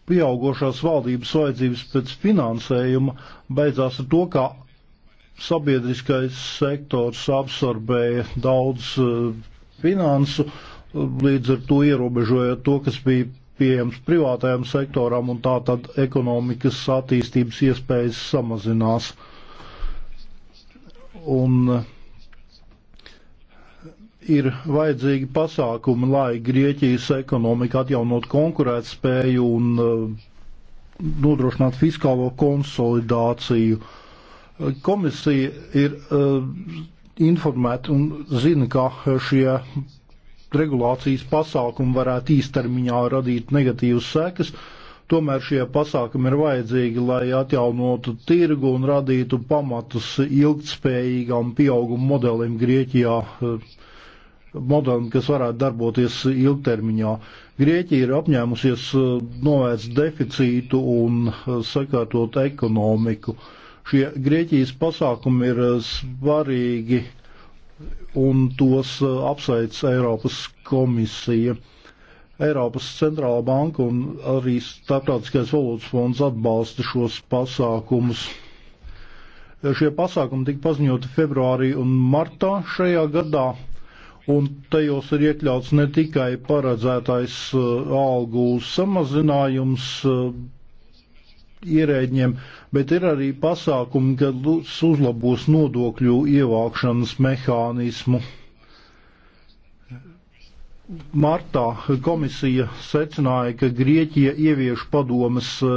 pieaugošās valdības vajadzības pēc finansējuma beidzās ar to, ka sabiedriskais sektors absorbēja daudz e, finansu, līdz ar to ierobežojot to, kas bija pieejams privātajam sektoram, un tā tad ekonomikas attīstības iespējas samazinās. Un e, ir vajadzīgi pasākumi, lai Grieķijas ekonomika atjaunot konkurētspēju un e, nodrošināt fiskālo konsolidāciju. Uh, Komisija ir um, informēta un zina, ka šie regulācijas pasākumi varētu īstermiņā radīt negatīvas sekas. Tomēr šie pasākumi ir vajadzīgi, lai atjaunotu tirgu un radītu pamatus ilgtspējīgam pieauguma modelim Grieķijā, um, modelim, kas varētu darboties ilgtermiņā. Grieķija ir apņēmusies uh, novērst deficītu un uh, sakārtot ekonomiku. Uh, Šie Grieķijas pasākumi ir eh, svarīgi un tos eh, apsveic Eiropas komisija. Eiropas centrālā banka un arī Starptautiskais valūtas fonds atbalsta šos pasākumus. Šie pasākumi tika paziņoti februārī un martā šajā gadā, un tajos ir iekļauts ne tikai paredzētais eh, algu samazinājums ierēģiem, bet ir arī pasākumi, kad uzlabos nodokļu ievākšanas mehānismu. Martā komisija secināja, ka Grieķija ievieš padomas e,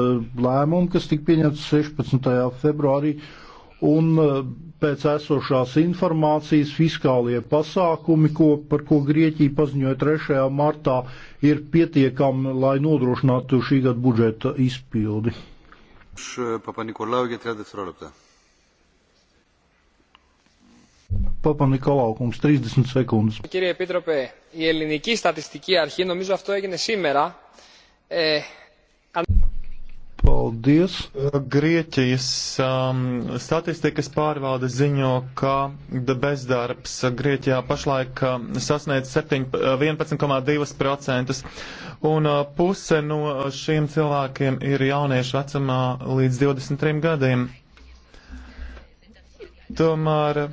lēmumu, kas tika pieņemts 16. februārī, un e, pēc esošās informācijas fiskālie pasākumi, ko, par ko Grieķija paziņoja 3. martā, ir pietiekami, lai nodrošinātu šī gada budžeta izpildi. Papanikolaou για 30 δευτερόλεπτα. Παπα-Νικολάου, κόμψη 30 sekundes. Κύριε Επίτροπε, η ελληνική στατιστική αρχή, νομίζω αυτό έγινε σήμερα, ε, Paldies! Grieķijas um, statistikas pārvalde ziņo, ka bezdarbs Grieķijā pašlaik um, uh, sasniedz 11,2%, un uh, puse no šiem cilvēkiem ir jauniešu vecumā līdz 23 gadiem. Tomēr. Uh,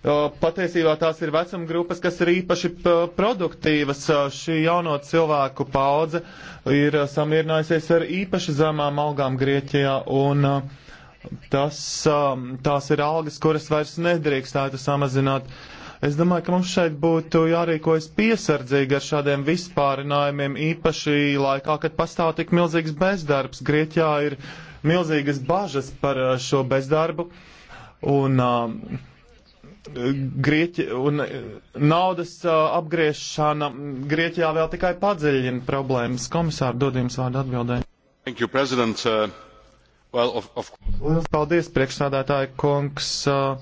Patiesībā tās ir vecuma grupas, kas ir īpaši produktīvas. Šī jauno cilvēku paudze ir samierinājusies ar īpaši zemām algām Grieķijā, un tas, tās ir algas, kuras vairs nedrīkstētu samazināt. Es domāju, ka mums šeit būtu jārīkojas piesardzīgi ar šādiem vispārinājumiem, īpaši laikā, kad pastāv tik milzīgs bezdarbs. Grieķijā ir milzīgas bažas par šo bezdarbu. Un, uh, Grieķi un e, naudas e, apgriešana Grieķijā vēl tikai padziļina problēmas. Komisāri, dod jums vārdu atbildēji. Thank you, President. Uh, well, of, of... Paldies, priekšsādātāji kungs. Uh,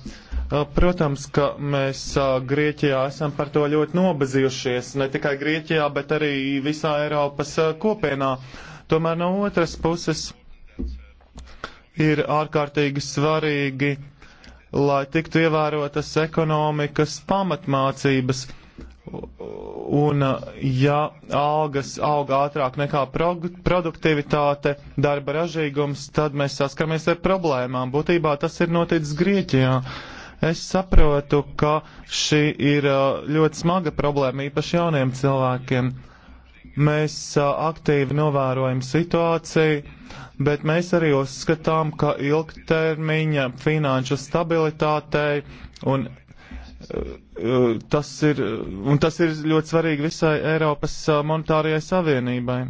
Protams, ka mēs Grieķijā esam par to ļoti nobezījušies, ne tikai Grieķijā, bet arī visā Eiropas kopienā. Tomēr no otras puses ir ārkārtīgi svarīgi lai tiktu ievērotas ekonomikas pamatmācības. Un, ja algas auga ātrāk nekā produktivitāte, darba ražīgums, tad mēs saskaramies ar problēmām. Būtībā tas ir noticis Grieķijā. Es saprotu, ka šī ir ļoti smaga problēma īpaši jauniem cilvēkiem. Mēs aktīvi novērojam situāciju, bet mēs arī uzskatām, ka ilgtermiņa finanšu stabilitātei un tas ir, un tas ir ļoti svarīgi visai Eiropas monetārajai savienībai.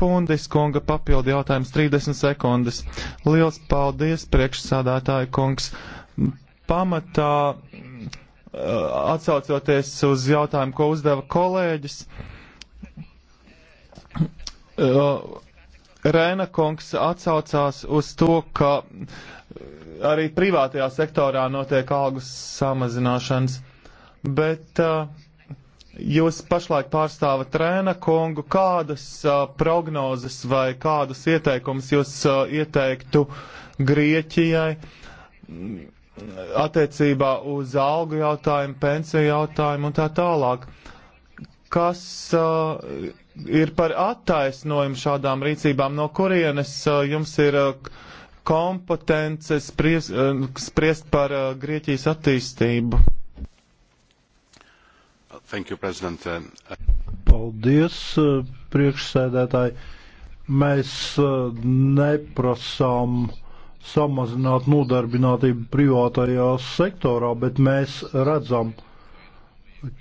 Hundis kunga papildi jautājums 30 sekundes. Liels paldies, priekšsādātāja kungs. Pamatā Eh, atsaucoties uz jautājumu, ko uzdeva kolēģis. Eh, Rēna kungs atsaucās uz to, ka arī privātajā sektorā notiek algas samazināšanas, bet uh, Jūs pašlaik pārstāvat Rēna kungu. Kādas uh, prognozes vai kādus ieteikumus jūs uh, ieteiktu Grieķijai? attiecībā uz algu jautājumu, pensiju jautājumu un tā tālāk. Kas uh, ir par attaisnojumu šādām rīcībām, no kurienes uh, jums ir uh, kompetence spries, uh, spriest par uh, Grieķijas attīstību? Thank you, President. Paldies, uh, priekšsēdētāji. Mēs uh, neprasām uh, samazināt nodarbinātību privātajā sektorā, bet mēs redzam,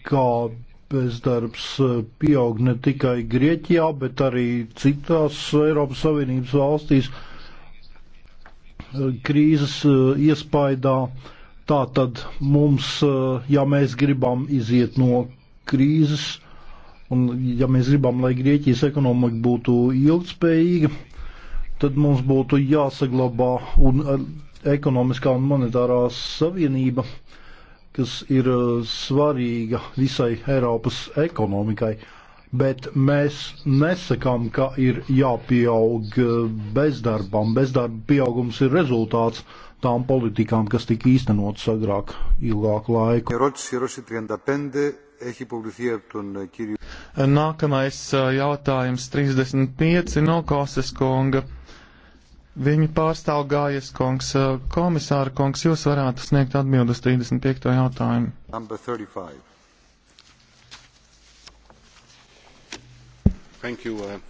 kā bezdarbs eh, pieaug ne tikai Grieķijā, bet arī citās Eiropas Savienības valstīs eh, krīzes eh, iespaidā. Tātad mums, ja mēs gribam iziet no krīzes, un ja mēs gribam, lai Grieķijas ekonomika būtu ilgspējīga, tad mums būtu jāsaglabā un eh, ekonomiskā un monetārā savienība, kas ir eh, svarīga visai Eiropas ekonomikai. Bet mēs nesakām, ka ir jāpieaug eh, bezdarbam. Bezdarba pieaugums ir rezultāts tām politikām, kas tika īstenotas agrāk ilgāku laiku. Nākamais jautājums 35 no Koses konga. Viņu pārstāv Gājas kungs. Komisāra kungs, jūs varētu sniegt atbildi uz 35. jautājumu. 35. Thank you, uh,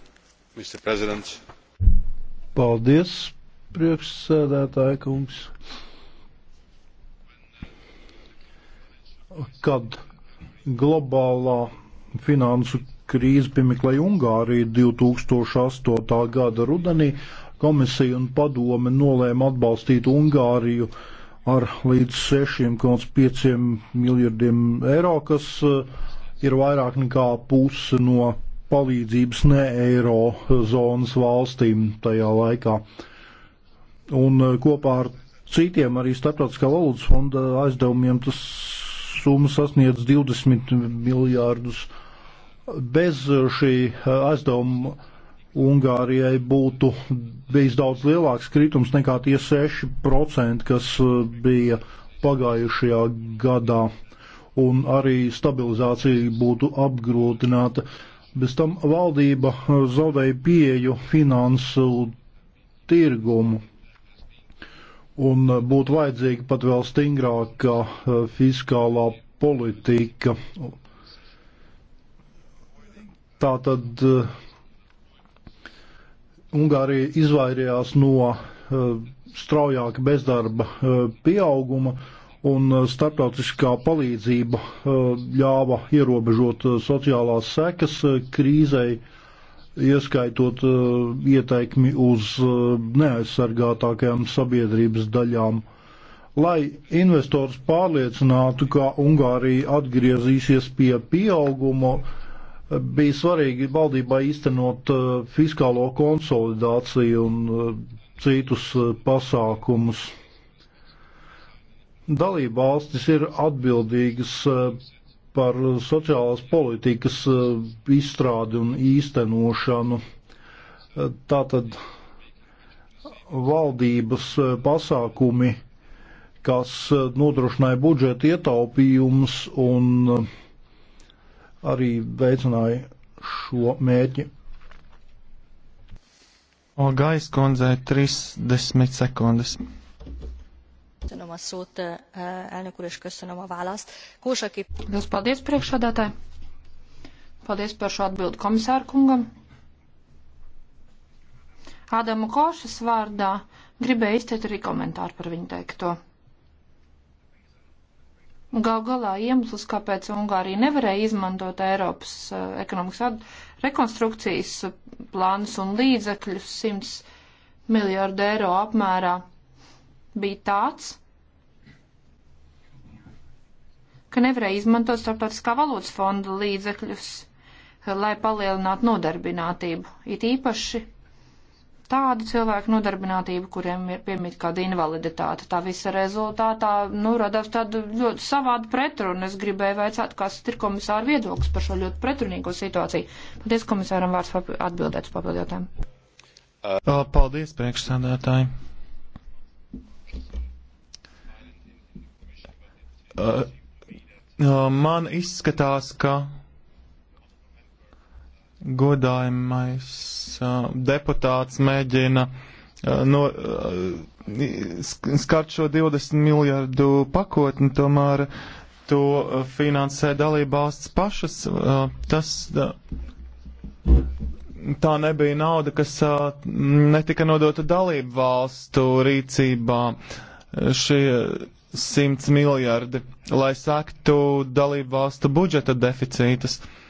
Mr. President. Paldies, priekšsēdētāja kungs. Kad globālā finansu krīze piemeklēja Ungāriju 2008. gada rudenī, komisija un padome nolēma atbalstīt Ungāriju ar līdz 6,5 miljardiem eiro, kas eh, ir vairāk nekā puse no palīdzības ne eiro zonas valstīm tajā laikā. Un eh, kopā ar citiem arī starptautiskā valodas fonda aizdevumiem tas summa sasniedz 20 miljārdus. Bez eh, šī aizdevuma Ungārijai būtu bijis daudz lielāks kritums nekā tie 6%, kas uh, bija pagājušajā gadā, un arī stabilizācija būtu apgrūtināta. Bez tam valdība uh, zaudēja pieeju finansu tirgumu, un uh, būtu vajadzīga pat vēl stingrāka fiskālā politika. Tā tad uh, Ungārija izvairījās no eh, straujāka bezdarba eh, pieauguma un eh, starptautiskā palīdzība ļāva ierobežot sociālās sekas krīzei, ieskaitot ieteikmi uz neaizsargātākajām sabiedrības daļām. Lai investors pārliecinātu, ka Ungārija atgriezīsies pie pieauguma, bija svarīgi valdībai īstenot uh, fiskālo konsolidāciju un uh, citus uh, pasākumus. Dalība valstis ir atbildīgas par sociālās politikas izstrādi un īstenošanu. Tātad valdības pasākumi, kas nodrošināja budžeta ietaupījumus un uh, arī veicināja šo mērķi. A gaisa kundzei 30 sekundes. Köszönöm a szót, eh, elnök úr, és köszönöm a választ. Kósaki... Liels paldies, priekšādātāji! Paldies par šo atbildu komisāru kungam. Ādama Košas vārdā gribēju izteikt arī komentāru par viņu teikto. Gal galā iemesls, kāpēc Ungārija nevarēja izmantot Eiropas uh, ekonomikas rekonstrukcijas eh, plānus un līdzekļus 100 miljārdu eiro apmērā, bija tāds, ka nevarēja izmantot starptautiskā valodas fonda līdzekļus, eh, lai palielinātu nodarbinātību, it īpaši tādu cilvēku nodarbinātību, kuriem ir piemīt kāda invaliditāte. Tā visa rezultātā, nu, radās tādu ļoti savādu pretrunu. Es gribēju vaicāt, kas ir komisāra viedoklis par šo ļoti pretrunīgo situāciju. Paldies komisāram vārds atbildēt uz papildu jautājumu. Paldies, priekšsādātāji. Man izskatās, ka godājumais uh, deputāts mēģina uh, no, uh, skart šo 20 miljardu pakotni, tomēr to finansē dalībvalsts pašas. Uh, tas, uh, tā nebija nauda, kas uh, netika nodota dalību valstu rīcībā. Šie 100 miljardi, lai sektu dalību valstu budžeta deficītas. Uh,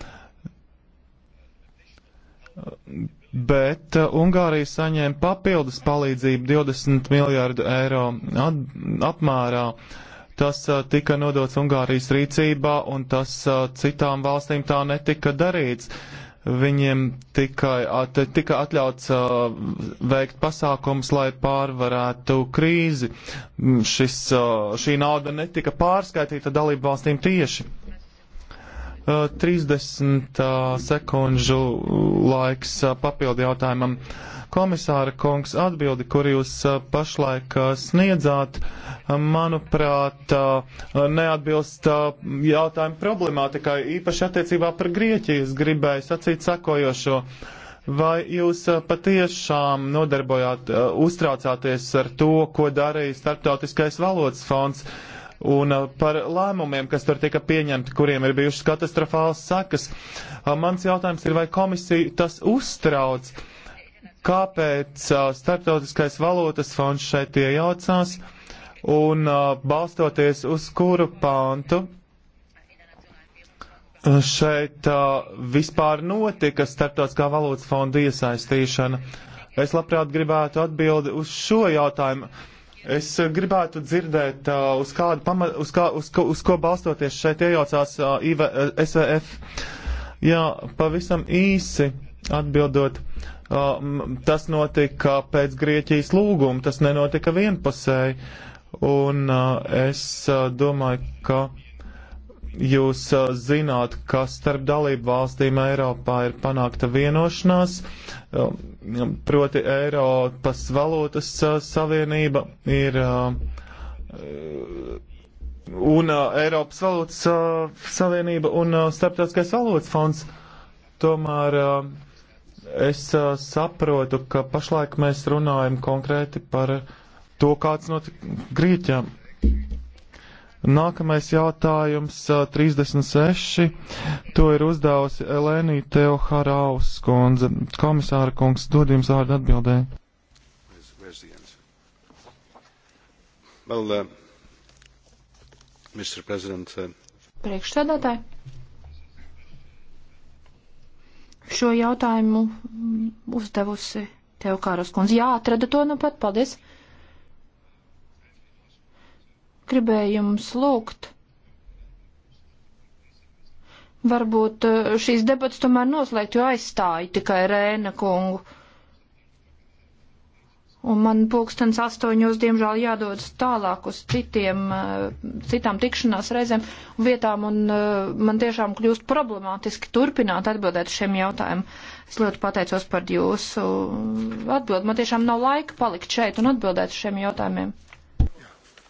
bet uh, Ungārija saņēma papildus palīdzību 20 miljārdu eiro apmērā. Tas uh, tika nodots Ungārijas rīcībā, un tas uh, citām valstīm tā netika darīts. Viņiem tikai at, tika atļauts uh, veikt pasākums, lai pārvarētu krīzi. Mm, šis, uh, šī nauda netika pārskaitīta dalību valstīm tieši. 30 eh, eh, sekundžu laiks eh, papildu jautājumam. Komisāra kungs atbildi, kur jūs pašlaik sniedzāt, manuprāt, neatbilst jautājumu problemātikai, īpaši attiecībā par Grieķiju. Es gribēju sacīt sakojošo. Vai jūs patiešām nodarbojāt, uztraucāties ar to, ko darīja Startautiskais valodas fonds? un uh, par lēmumiem, kas tur tika pieņemti, kuriem ir bijušas katastrofālas sakas. Uh, mans jautājums ir, vai komisija tas uztrauc? Kāpēc uh, Startautiskais valūtas fonds šeit iejaucās un balstoties uz kuru pāntu? Šeit uh, vispār notika starptautiskā valūtas fonda iesaistīšana. Es labprāt gribētu atbildi uz šo jautājumu. Uh, Es eh, gribētu dzirdēt, eh, uz, kādu pama, uz, kā, uz, ko, uz ko balstoties šeit iejaucās eh, IV, SVF. Jā, pavisam īsi atbildot, tas notika pēc Grieķijas lūguma, tas nenotika vienpusēji. Un es domāju, ka jūs zināt, ka starp dalību valstīm Eiropā ir panākta vienošanās proti Eiropas valūtas uh, savienība ir uh, uh, un Eiropas valūtas savienība un starptautiskais valūtas fonds. Tomēr es saprotu, ka pašlaik mēs runājam konkrēti par to, kāds notika Grieķijām. Nākamais jautājums - 36. To ir uzdevusi Elēnija Teoharaus kundze. Komisāra kungs, dod jums vārdu atbildē. Well, uh, Mr. President. Uh... Priekšsēdētāji. Šo jautājumu uzdevusi Teokāros kundze. Jā, atrada to nu pat. Paldies. Gribēju jums lūgt. Varbūt eh, šīs debats tomēr noslēgt, jo aizstāja tikai Rēna kungu. Un man pulkstens astoņos, diemžēl, jādodas tālāk uz citiem, eh, citām tikšanās reizēm vietām, un eh, man tiešām kļūst problemātiski turpināt atbildēt šiem jautājumiem. Es ļoti pateicos par jūsu atbildi. Man tiešām nav laika palikt šeit un atbildēt šiem jautājumiem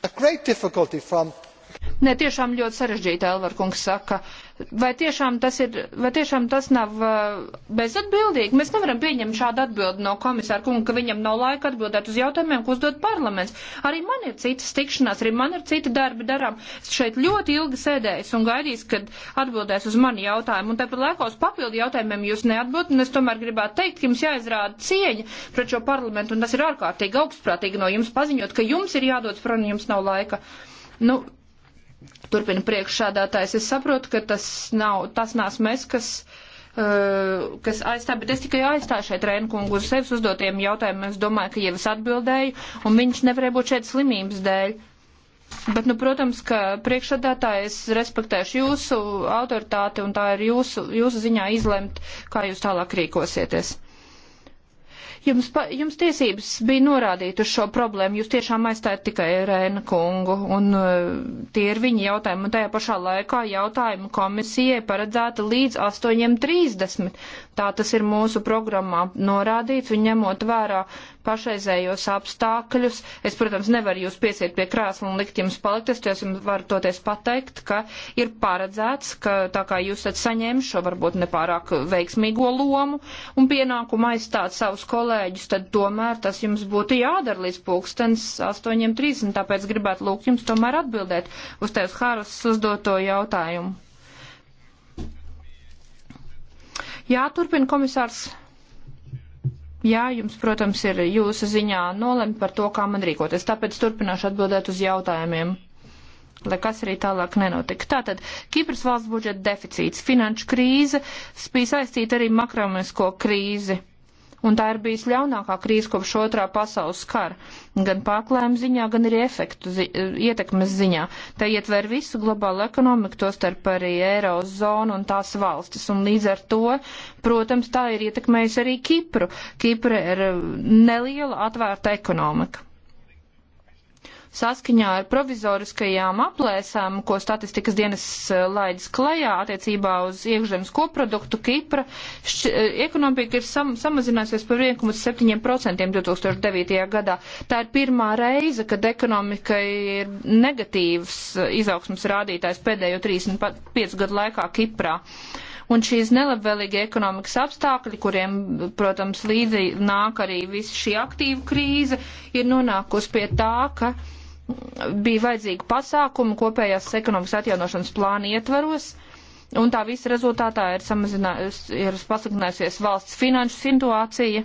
a great difficulty from. Nē, tiešām ļoti sarežģīti, Elvarkungs saka. Vai tiešām tas ir, vai tiešām tas nav uh, bezatbildīgi? Mēs nevaram pieņemt šādu atbildi no komisāra kunga, ka viņam nav laika atbildēt uz jautājumiem, ko uzdod parlaments. Arī man ir citas tikšanās, arī man ir citi darbi darām. Es šeit ļoti ilgi sēdējis un gaidījis, kad atbildēs uz mani jautājumu. Un tāpat laikā uz papildu jautājumiem jūs neatbildat, un es tomēr gribētu teikt, ka jums jāizrāda cieņa pret šo parlamentu, un tas ir ārkārtīgi augstprātīgi no jums paziņot, ka jums ir jādodas prom un jums nav laika. Nu, Turpina priekšādātājs. Es saprotu, ka tas nav, tas nās mēs, kas, uh, kas aizstāv, bet es tikai aizstāju šeit Rēnkungu uz sevis uzdotiem jautājumiem. Es domāju, ka jau es atbildēju, un viņš nevarēja būt šeit slimības dēļ. Bet, nu, protams, ka priekšsādātāji es respektēšu jūsu autoritāti, un tā ir jūsu, jūsu ziņā izlemt, kā jūs tālāk rīkosieties. Jums, pa, jums tiesības bija norādīt uz šo problēmu, jūs tiešām aizstājat tikai Rēna kungu, un uh, tie ir viņa jautājumi, un tajā pašā laikā jautājumu komisijai paredzēta līdz 8.30. Tā tas ir mūsu programmā norādīts, un ņemot vērā pašreizējos apstākļus. Es, protams, nevaru jūs piesiet pie krēsla un likt jums palikt. Es jums varu toties pateikt, ka ir paredzēts, ka tā kā jūs esat saņēmuši šo varbūt nepārāk veiksmīgo lomu un pienākumu aizstāt savus kolēģus, tad tomēr tas jums būtu jādara līdz pulkstens 8.30. Tāpēc gribētu lūgt jums tomēr atbildēt uz tevis Hāras uzdoto jautājumu. Jā, turpina komisārs Jā, jums, protams, ir jūsu ziņā nolemt par to, kā man rīkoties, tāpēc turpināšu atbildēt uz jautājumiem, lai kas arī tālāk nenotika. Tātad, Kipras valsts budžeta deficīts, finanšu krīze bija saistīta arī makroekonomisko krīzi un tā ir bijis ļaunākā krīze kopš otrā pasaules kara, gan pārklājuma ziņā, gan arī efektu zi ietekmes ziņā. Tā ietver visu globālu ekonomiku, tostarp arī Eirozonu un tās valstis, un līdz ar to, protams, tā ir ietekmējusi arī Kipru. Kipra ir neliela atvērta ekonomika saskaņā ar provizoriskajām aplēsām, ko statistikas dienas eh, laidas klajā attiecībā uz iekšzemes koproduktu Kipra, šķi, eh, ekonomika ir sam, samazinājusies par 1,7% 2009. gadā. Tā ir pirmā reize, kad ekonomika ir negatīvs eh, izaugsmas rādītājs pēdējo 35 gadu laikā Kiprā. Un šīs nelabvēlīgie ekonomikas apstākļi, kuriem, protams, līdzi nāk arī visa šī aktīva krīze, ir nonākusi pie tā, ka uh, bija vajadzīgi pasākumi kopējās ekonomikas atjaunošanas plāna ietvaros, un tā visa rezultātā ir, ir pasliktinājusies valsts finanšu situācija.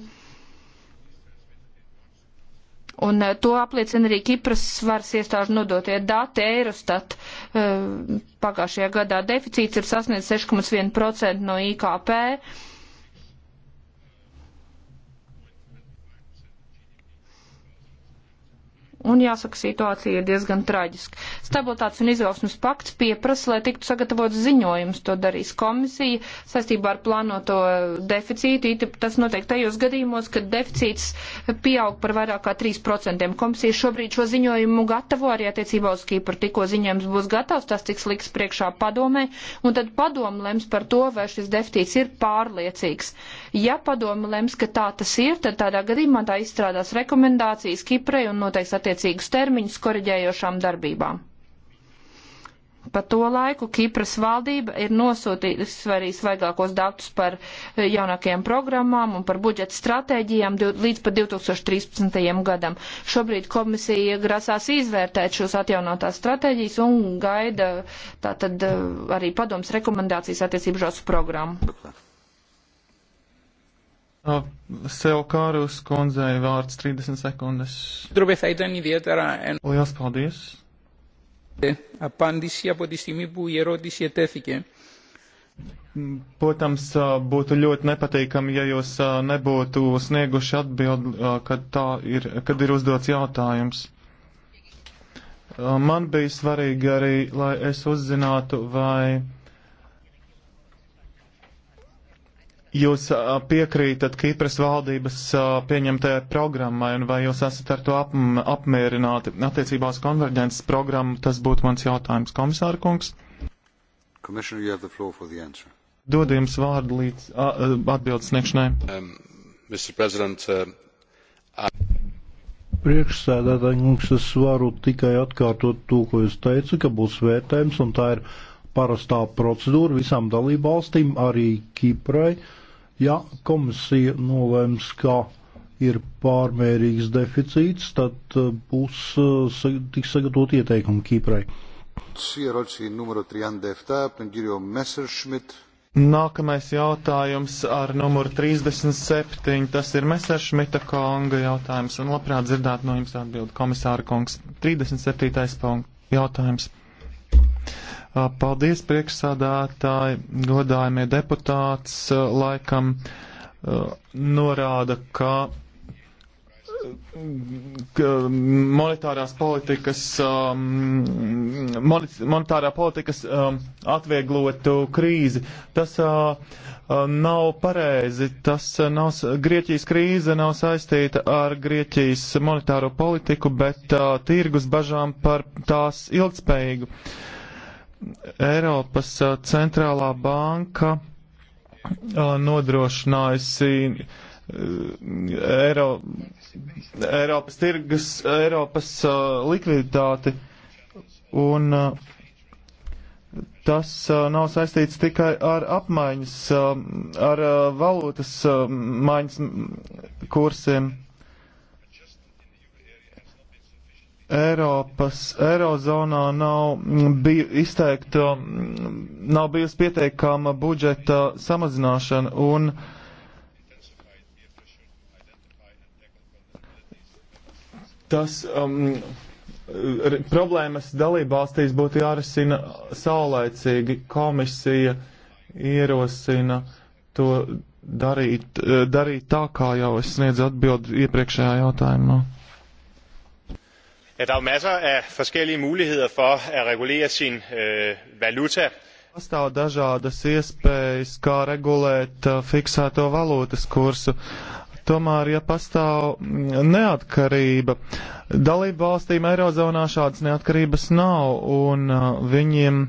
Un eh, to apliecina arī Kipras varas iestāžu nodotie dati Eirostat. Eh, pagājušajā gadā deficīts ir sasniedz 6,1% no IKP un jāsaka, situācija ir diezgan traģiska. Stabilitātes un izaugsmas pakts pieprasa, lai tiktu sagatavots ziņojums, to darīs komisija saistībā ar plānoto deficītu. Tas notiek tajos gadījumos, kad deficīts pieaug par vairāk kā 3%. Komisija šobrīd šo ziņojumu gatavo arī attiecībā uz Kīpru. Tikko ziņojums būs gatavs, tas tiks liks priekšā padomē, un tad padomu lems par to, vai šis deficīts ir pārliecīgs. Ja padomu lems, ka tā tas ir, tad tādā gadījumā tā izstrādās rekomendācijas Kiprai un noteiks attiecībā attiecīgus termiņus koriģējošām darbībām. Pa to laiku Kipras valdība ir nosūtījusi arī svaigākos datus par eh, jaunākajām programmām un par budžeta stratēģijām līdz pat 2013. gadam. Šobrīd komisija grasās izvērtēt šos atjaunotās stratēģijas un gaida tātad eh, arī padoms rekomendācijas attiecībā uz programmu. Uh, Sev Kārus kundzei vārds 30 sekundes. Lielas paldies. Απάντηση από τη στιγμή που η ερώτηση ετέθηκε. Protams, uh, būtu ļoti nepatīkami, ja jūs uh, nebūtu snieguši atbildi, kad, ir, kad ir uzdots jautājums. Man bija svarīgi arī, lai es uzzinātu, vai Jūs piekrītat Kīpras valdības pieņemtajai programmai, un vai jūs esat ar to apm apmierināti attiecībā uz konverģences programmu? Tas būtu mans jautājums, komisāra kungs. Dodu jums vārdu līdz atbildes sniegšanai. Um, um, I... Priekšsēdētāji, kungs, es varu tikai atkārtot to, ko es teicu, ka būs vērtējums, un tā ir parastā procedūra visām dalībvalstīm, arī Kiprai. Uh, Ja komisija nolēms, ka ir pārmērīgs deficīts, tad uh, būs uh, tiks sagatavot ieteikumu Kīprai. Nākamais jautājums ar numuru 37. Tas ir Messeršmita konga jautājums, un labprāt dzirdēt no jums atbildi, komisāra kungs. 37. jautājums. Paldies, priekšsādātāji, godājumie deputāts laikam norāda, ka monetārās politikas, um, monetārā politikas um, atvieglotu krīzi. Tas uh, nav pareizi. Tas nav, Grieķijas krīze nav saistīta ar Grieķijas monetāro politiku, bet uh, tirgus bažām par tās ilgspējīgu. Uh, Eiropas uh, centrālā banka uh, nodrošinājusi uh, Eiro, Eiropas tirgus, Eiropas likviditāti, un tas nav saistīts tikai ar apmaiņas, ar valūtas maiņas kursiem. Eiropas, Eirozonā nav, biju izteikta, nav bijusi pieteikama budžeta samazināšana un tas um, problēmas dalībvalstīs būtu jārisina saulēcīgi. Komisija ierosina to darīt, darīt tā, kā jau es sniedzu atbildi iepriekšējā jautājumā at der er jo er masser af forskellige muligheder for at regulere sin øh, valuta. Pastāv dažādas iespējas, kā regulēt uh, fiksēto valūtas kursu. Tomēr, ja pastāv mm, neatkarība, dalību valstīm Eirozonā šādas neatkarības nav, un uh, viņiem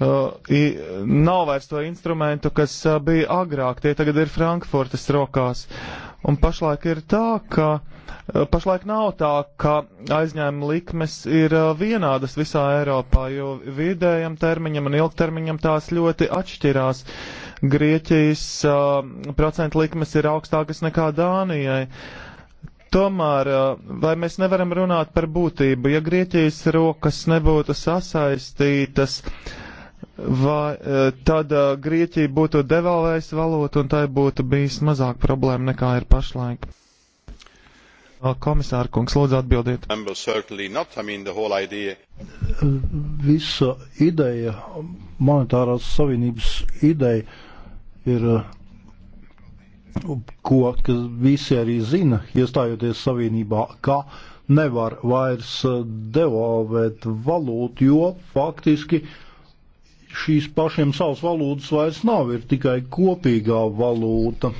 uh, nav vairs to instrumentu, kas uh, bija agrāk. Tie tagad ir Frankfurtas rokās. Uh, Un pašlaik ir tā, ka eh, pašlaik nav tā, ka aizņēmuma likmes ir eh, vienādas visā Eiropā, jo vidējam termiņam un ilgtermiņam tās ļoti atšķirās. Grieķijas uh, procentu likmes ir augstākas nekā Dānijai. Tomēr, vai mēs nevaram runāt par būtību, ja Grieķijas rokas nebūtu sasaistītas uh, vai e, tad e, Grieķija būtu devalvējusi valūtu un tai būtu bijis mazāk problēma nekā ir pašlaik? Komisāra kungs, lūdzu atbildiet. Visa ideja, monetārās savienības ideja ir, e, ko visi arī zina, iestājoties savienībā, ka nevar vairs devalvēt valūtu, jo faktiski uh, šīs pašiem savas valūtas vairs nav, ir tikai kopīgā valūta.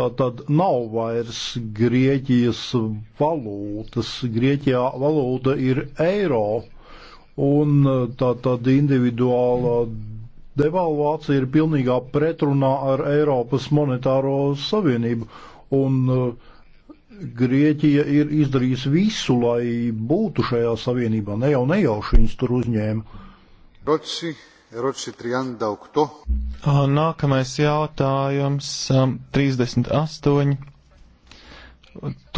Tā tad nav vairs Grieķijas valūtas. Grieķijā valūta ir eiro, un tā tad individuāla devalvācija ir pilnīgā pretrunā ar Eiropas monetāro savienību, un Grieķija ir izdarījusi visu, lai būtu šajā savienībā, ne jau nejauši viņas tur uzņēma. Roci, Roci 38. Nākamais jautājums um, 38.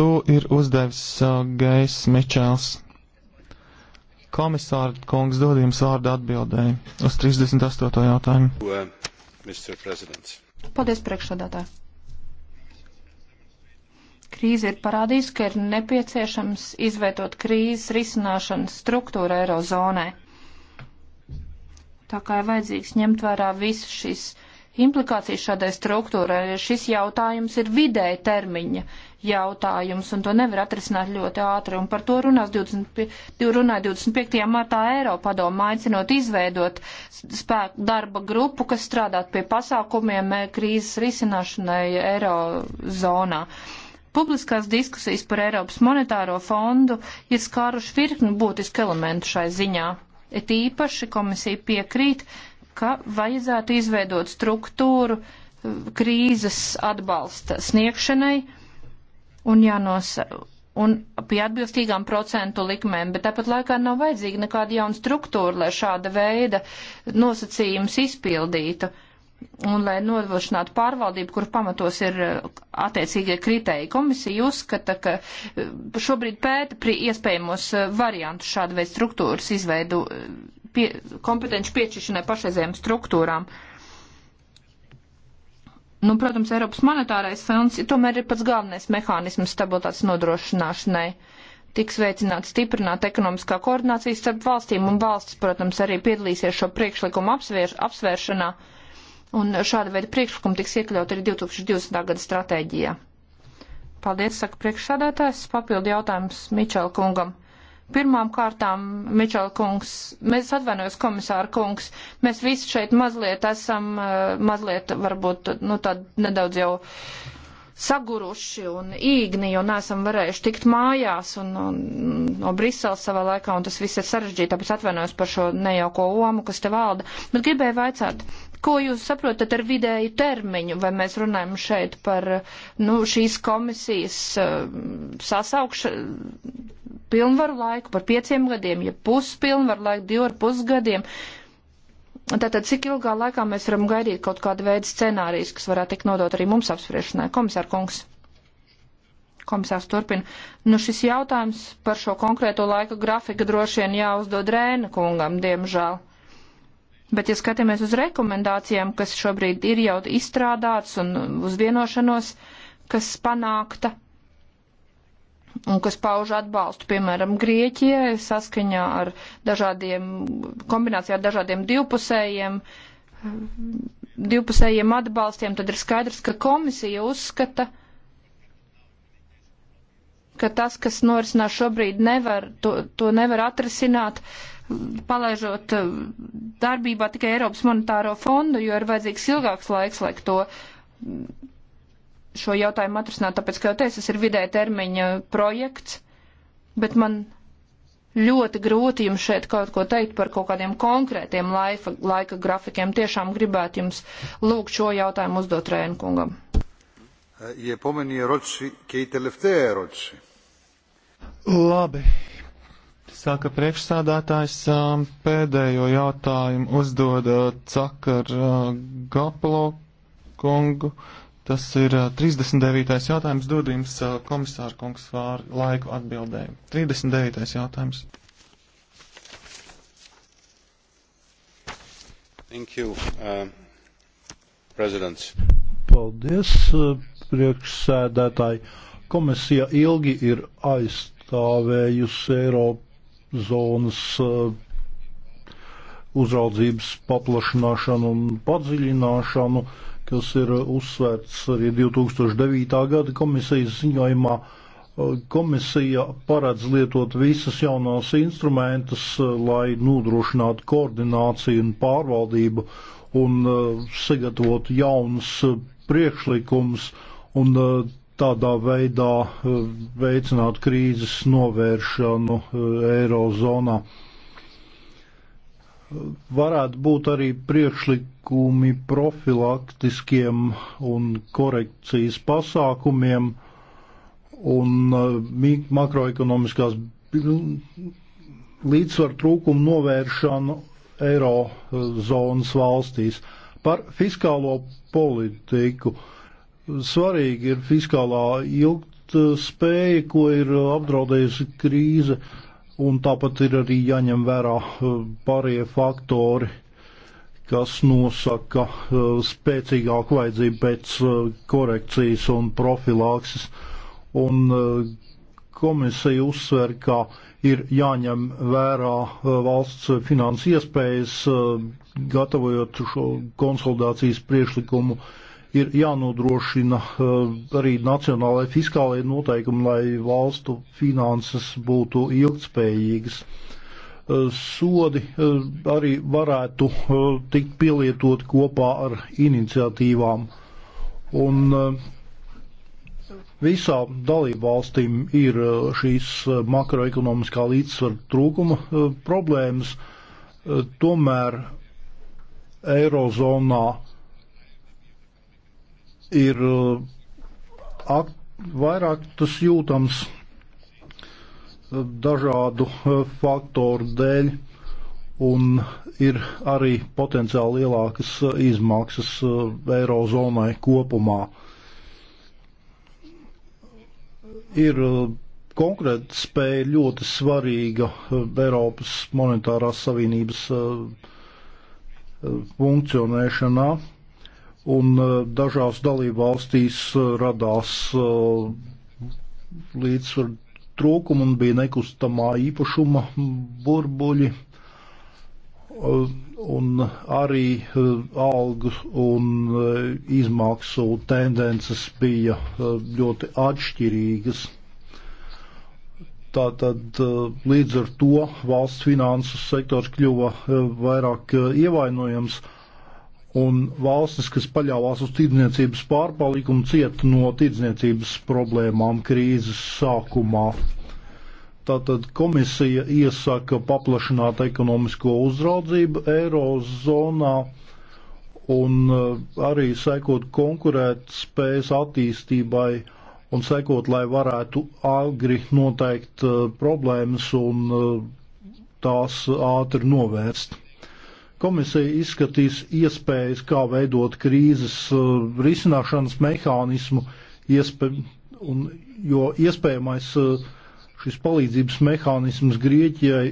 To ir uzdevis uh, Gais Mičels. Komisāra kungs dod jums vārdu atbildēji uz 38. jautājumu. Uh, Paldies, priekšsādātāji krīze ir parādījusi, ka ir nepieciešams izveidot krīzes risināšanas struktūru Eirozonai. Tā kā ir vajadzīgs ņemt vērā visas šīs implikācijas šādai struktūrai, ja šis jautājums ir vidēja termiņa jautājums, un to nevar atrisināt ļoti ātri, un par to runās 25, runāja 25. martā Eiropadoma, aicinot izveidot spēku darba grupu, kas strādāt pie pasākumiem e, krīzes risināšanai Eirozonā publiskās diskusijas par Eiropas monetāro fondu ir skāruši virkni būtiski elementi šai ziņā. It īpaši komisija piekrīt, ka vajadzētu izveidot struktūru uh, krīzes atbalsta sniegšanai un jānosa un pie atbilstīgām procentu likmēm, bet tāpat laikā nav vajadzīga nekāda jauna struktūra, lai šāda veida nosacījums izpildītu. Uh, un lai nodrošinātu pārvaldību, kur pamatos ir eh, attiecīgie kritēji. Komisija uzskata, ka eh, šobrīd pēta pri iespējamos eh, variantus šāda veida struktūras izveidu pie, kompetenci piešķiršanai pašreizējām struktūrām. Nu, protams, Eiropas monetārais fonds tomēr ir pats galvenais mehānisms stabilitātes nodrošināšanai. Tiks veicināta stiprināta ekonomiskā koordinācija starp valstīm, un valstis, protams, arī piedalīsies šo priekšlikumu apsvēršanā. Apsvērš, Un šāda veida priekšlikumi tiks iekļaut arī 2020. gada stratēģijā. Paldies, saka priekšsādātājs. Papildu jautājums Mičela kungam. Pirmām kārtām, Mičela kungs, mēs atvainojos komisāra kungs, mēs visi šeit mazliet esam, eh, mazliet varbūt, nu tād nedaudz jau saguruši un īgni, jo nesam varējuši tikt mājās un, un no Briseles savā laikā, un tas viss ir sarežģīti, tāpēc atvainojos par šo nejauko omu, kas te valda. Bet gribēju vaicāt, Ko jūs saprotat ar vidēju termiņu? Vai mēs runājam šeit par nu, šīs komisijas eh, sasaukšu pilnvaru laiku, par pieciem gadiem, ja puspilnvaru laiku, divu ar pusgadiem? Tātad, cik ilgā laikā mēs varam gaidīt kaut kādu veidu scenārijus, kas varētu tikt nodot arī mums apspriešanai? Komisār kungs. Komisārs turpina. Nu, šis jautājums par šo konkrēto laika grafika droši vien jāuzdod Rēna kungam, diemžēl. Bet, ja skatāmies uz rekomendācijām, kas šobrīd ir jau izstrādāts un uz vienošanos, kas panākta un kas pauž atbalstu, piemēram, Grieķijai saskaņā ar dažādiem, kombinācijā ar dažādiem divpusējiem, divpusējiem atbalstiem, tad ir skaidrs, ka komisija uzskata, ka tas, kas norisinās šobrīd, nevar, to, to nevar atrisināt. Uh, palaižot eh, darbībā tikai Eiropas monetāro fondu, jo ir vajadzīgs ilgāks laiks, lai to šo jautājumu atrisināt, tāpēc, ka jau teicu, tas ir vidēja termiņa projekts, bet man ļoti grūti jums šeit kaut ko teikt par kaut kādiem konkrētiem laika, laika grafikiem. Tiešām gribētu jums lūgt šo jautājumu uzdot Rēnkungam. E Labi, saka priekšsādātājs, um, pēdējo jautājumu uzdod uh, Cakar uh, Gaplo kungu. Tas ir 39. Uh, jautājums, dod jums komisāra kungs vāru laiku atbildēju. 39. jautājums. Thank you, uh, Presidents. Paldies, priekšsēdētāji. Komisija ilgi ir aizstāvējusi Eiropu zonas eh, uzraudzības paplašināšanu un padziļināšanu, kas ir uzsvērts arī 2009. gada komisijas ziņojumā. Eh, komisija paredz lietot visas jaunās instrumentus, eh, lai nodrošinātu koordināciju un pārvaldību un sagatavot jaunus priekšlikumus un tādā veidā eh, veicināt krīzes novēršanu eh, Eirozonā. Varētu būt arī priekšlikumi profilaktiskiem un korekcijas pasākumiem un eh, makroekonomiskās līdzsvaru trūkumu novēršanu Eirozonas valstīs. Par fiskālo politiku uh, svarīgi ir fiskālā ilgtspēja, ko ir apdraudējusi krīze, un tāpat ir arī jāņem vērā eh, pārējie faktori, kas nosaka eh, spēcīgāku vajadzību pēc eh, korekcijas un profilakses. Un komisija uzsver, ka ir jāņem vērā valsts finanses iespējas, gatavojot šo konsolidācijas priešlikumu uh, ir jānodrošina eh, arī nacionālai fiskālai noteikumi, lai valstu finanses būtu ilgtspējīgas. Eh, sodi eh, arī varētu tikt pielietot kopā ar iniciatīvām. Un visām dalībvalstīm ir šīs makroekonomiskā līdzsvara trūkuma problēmas. Tomēr Eirozonā ir uh, vairāk tas jūtams uh, dažādu uh, faktoru dēļ un ir arī potenciāli lielākas izmaksas eirozonai kopumā. Ir konkrēta spēja ļoti svarīga Eiropas monetārās savienības funkcionēšanā. Uh, un eh, dažās dalībvalstīs eh, radās eh, līdzsvaru trūkumu un bija nekustamā īpašuma burbuļi un arī algu un izmaksu tendences bija ļoti atšķirīgas. Tātad līdz ar to valsts finanses sektors kļuva vairāk ievainojams. Uh, un valstis, kas paļāvās uz tirdzniecības pārpalikumu, cieta no tirdzniecības problēmām krīzes sākumā. Tātad komisija iesaka paplašināt ekonomisko uzraudzību Eirozonā un uh, arī sekot konkurēt spējas attīstībai un sekot, lai varētu agri noteikt uh, problēmas un uh, tās ātri novērst. Komisija izskatīs iespējas, kā veidot krīzes uh, risināšanas mehānismu, iespē, un, jo iespējamais uh, šis palīdzības mehānisms Grieķijai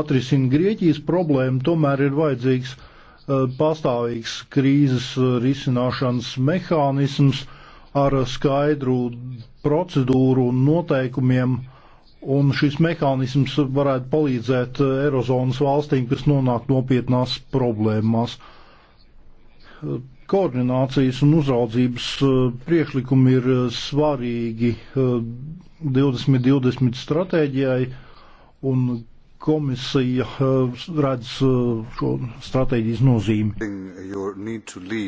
atrisina Grieķijas problēmu, tomēr ir vajadzīgs uh, pastāvīgs krīzes uh, risināšanas mehānisms ar skaidru procedūru un noteikumiem, uh, Un šis mehānisms varētu palīdzēt eh, Eirozonas valstīm, kas nonāk nopietnās problēmās. Koordinācijas un uzraudzības eh, priekšlikumi ir eh, svarīgi 2020 stratēģijai, un komisija redz šo stratēģijas nozīmi.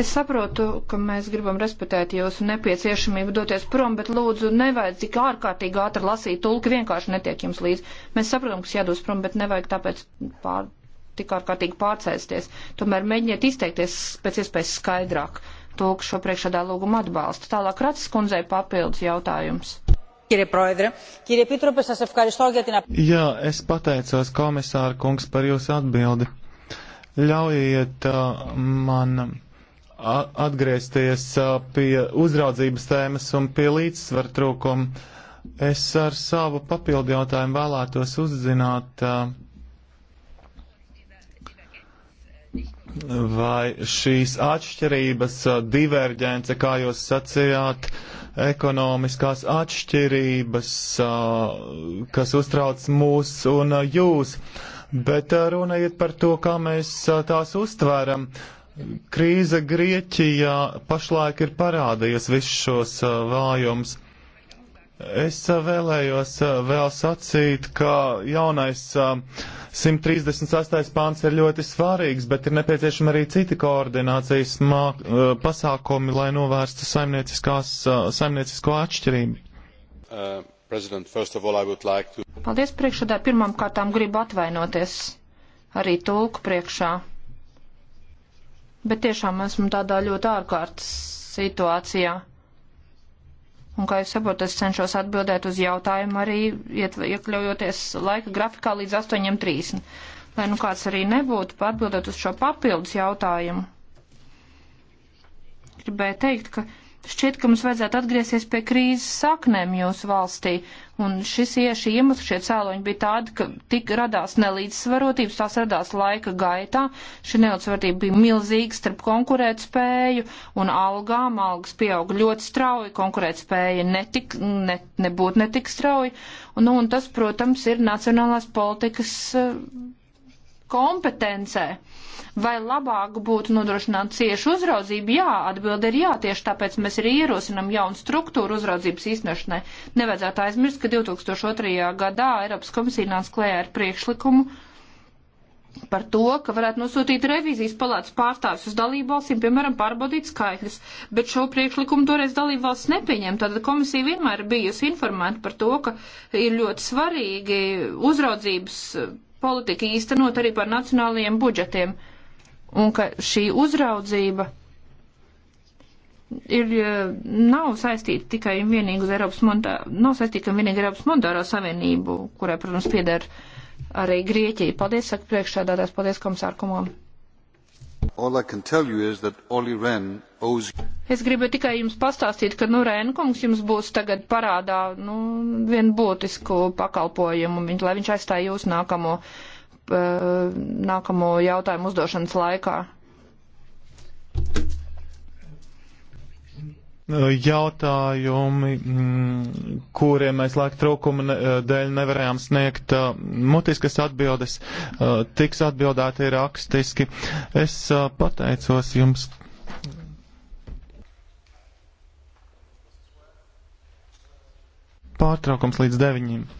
Es saprotu, ka mēs gribam respektēt jūsu nepieciešamību doties prom, bet lūdzu nevajag tik ārkārtīgi ātri lasīt tulki, vienkārši netiek jums līdz. Mēs saprotam, ka jādodas prom, bet nevajag tāpēc pār, tik ārkārtīgi pārcēsties. Tomēr mēģiniet izteikties pēc iespējas skaidrāk. Tulku šo priekšādā lūgumu atbalsta. Tālāk Racis kundzei papildus jautājums. Jā, es pateicos komisāra kungs par jūsu atbildi. Ļaujiet uh, man atgriezties uh, pie uzraudzības tēmas un pie līdzsvaru trūkuma. Es ar savu papildu jautājumu vēlētos uzzināt, uh, vai šīs atšķirības, diverģence, kā jūs sacījāt, ekonomiskās atšķirības, kas uztrauc mūs un jūs. Uh, bet runa iet par to, kā mēs tās uztvēram. Krīze Grieķijā pašlaik ir parādījies visus šos vājums. Es vēlējos vēl sacīt, ka jaunais 138. pāns ir ļoti svarīgs, bet ir nepieciešama arī citi koordinācijas māk, pasākumi, lai novērstu saimniecisko atšķirību. Uh. Like to... Paldies priekšādā. Pirmām kārtām gribu atvainoties arī tulku priekšā. Bet tiešām esmu tādā ļoti ārkārtas situācijā. Un, kā jūs saprotat, es cenšos atbildēt uz jautājumu arī iet, iekļaujoties laika grafikā līdz 8.30. Lai nu kāds arī nebūtu, atbildot uz šo papildus jautājumu. Gribēju teikt, ka Šķiet, ka mums vajadzētu atgriezties pie krīzes saknēm jūsu valstī, un šis ieši iemesls, šie cēloņi bija tādi, ka tik radās nelīdzsvarotības, tās radās laika gaitā, šī nelīdzsvarotība bija milzīga starp konkurētspēju un algām, algas pieauga ļoti strauji, konkurētspēja netik, ne, nebūt netik strauji, un, nu, un tas, protams, ir nacionālās politikas eh, kompetencē. Uh, Vai labāk būtu nodrošināt ciešu uzraudzību? Jā, atbilde ir jā, tieši tāpēc mēs arī ierosinam jaunu struktūru uzraudzības īstenošanai. Nevajadzētu aizmirst, ka 2002. gadā Eiropas komisija nāca klējā ar priekšlikumu par to, ka varētu nosūtīt revīzijas palātas pārstāvis uz dalību valstīm, piemēram, pārbaudīt skaitļus, bet šo priekšlikumu toreiz dalību valsts nepieņem. Tātad komisija vienmēr bijusi informēta par to, ka ir ļoti svarīgi uzraudzības politika īstenot arī par nacionālajiem budžetiem, un ka šī uzraudzība ir, eh, nav saistīta tikai un vienīgi uz Eiropas monetārā, nav saistīta un vienīgi Eiropas monetārā savienību, kurai, protams, pieder arī Grieķija. Paldies, saka priekšādātājs, paldies komisārkumam. Owes... Es gribu tikai jums pastāstīt, ka nu, Rēnkungs jums būs tagad parādā nu, vienu būtisku pakalpojumu, viņ, lai viņš aizstāja jūs nākamo, uh, nākamo jautājumu uzdošanas laikā jautājumi, mm, kuriem mēs laika trūkuma eh, dēļ nevarējām sniegt eh, mutiskas atbildes, eh, tiks atbildēti rakstiski. Es pateicos jums. Pārtraukums līdz deviņiem.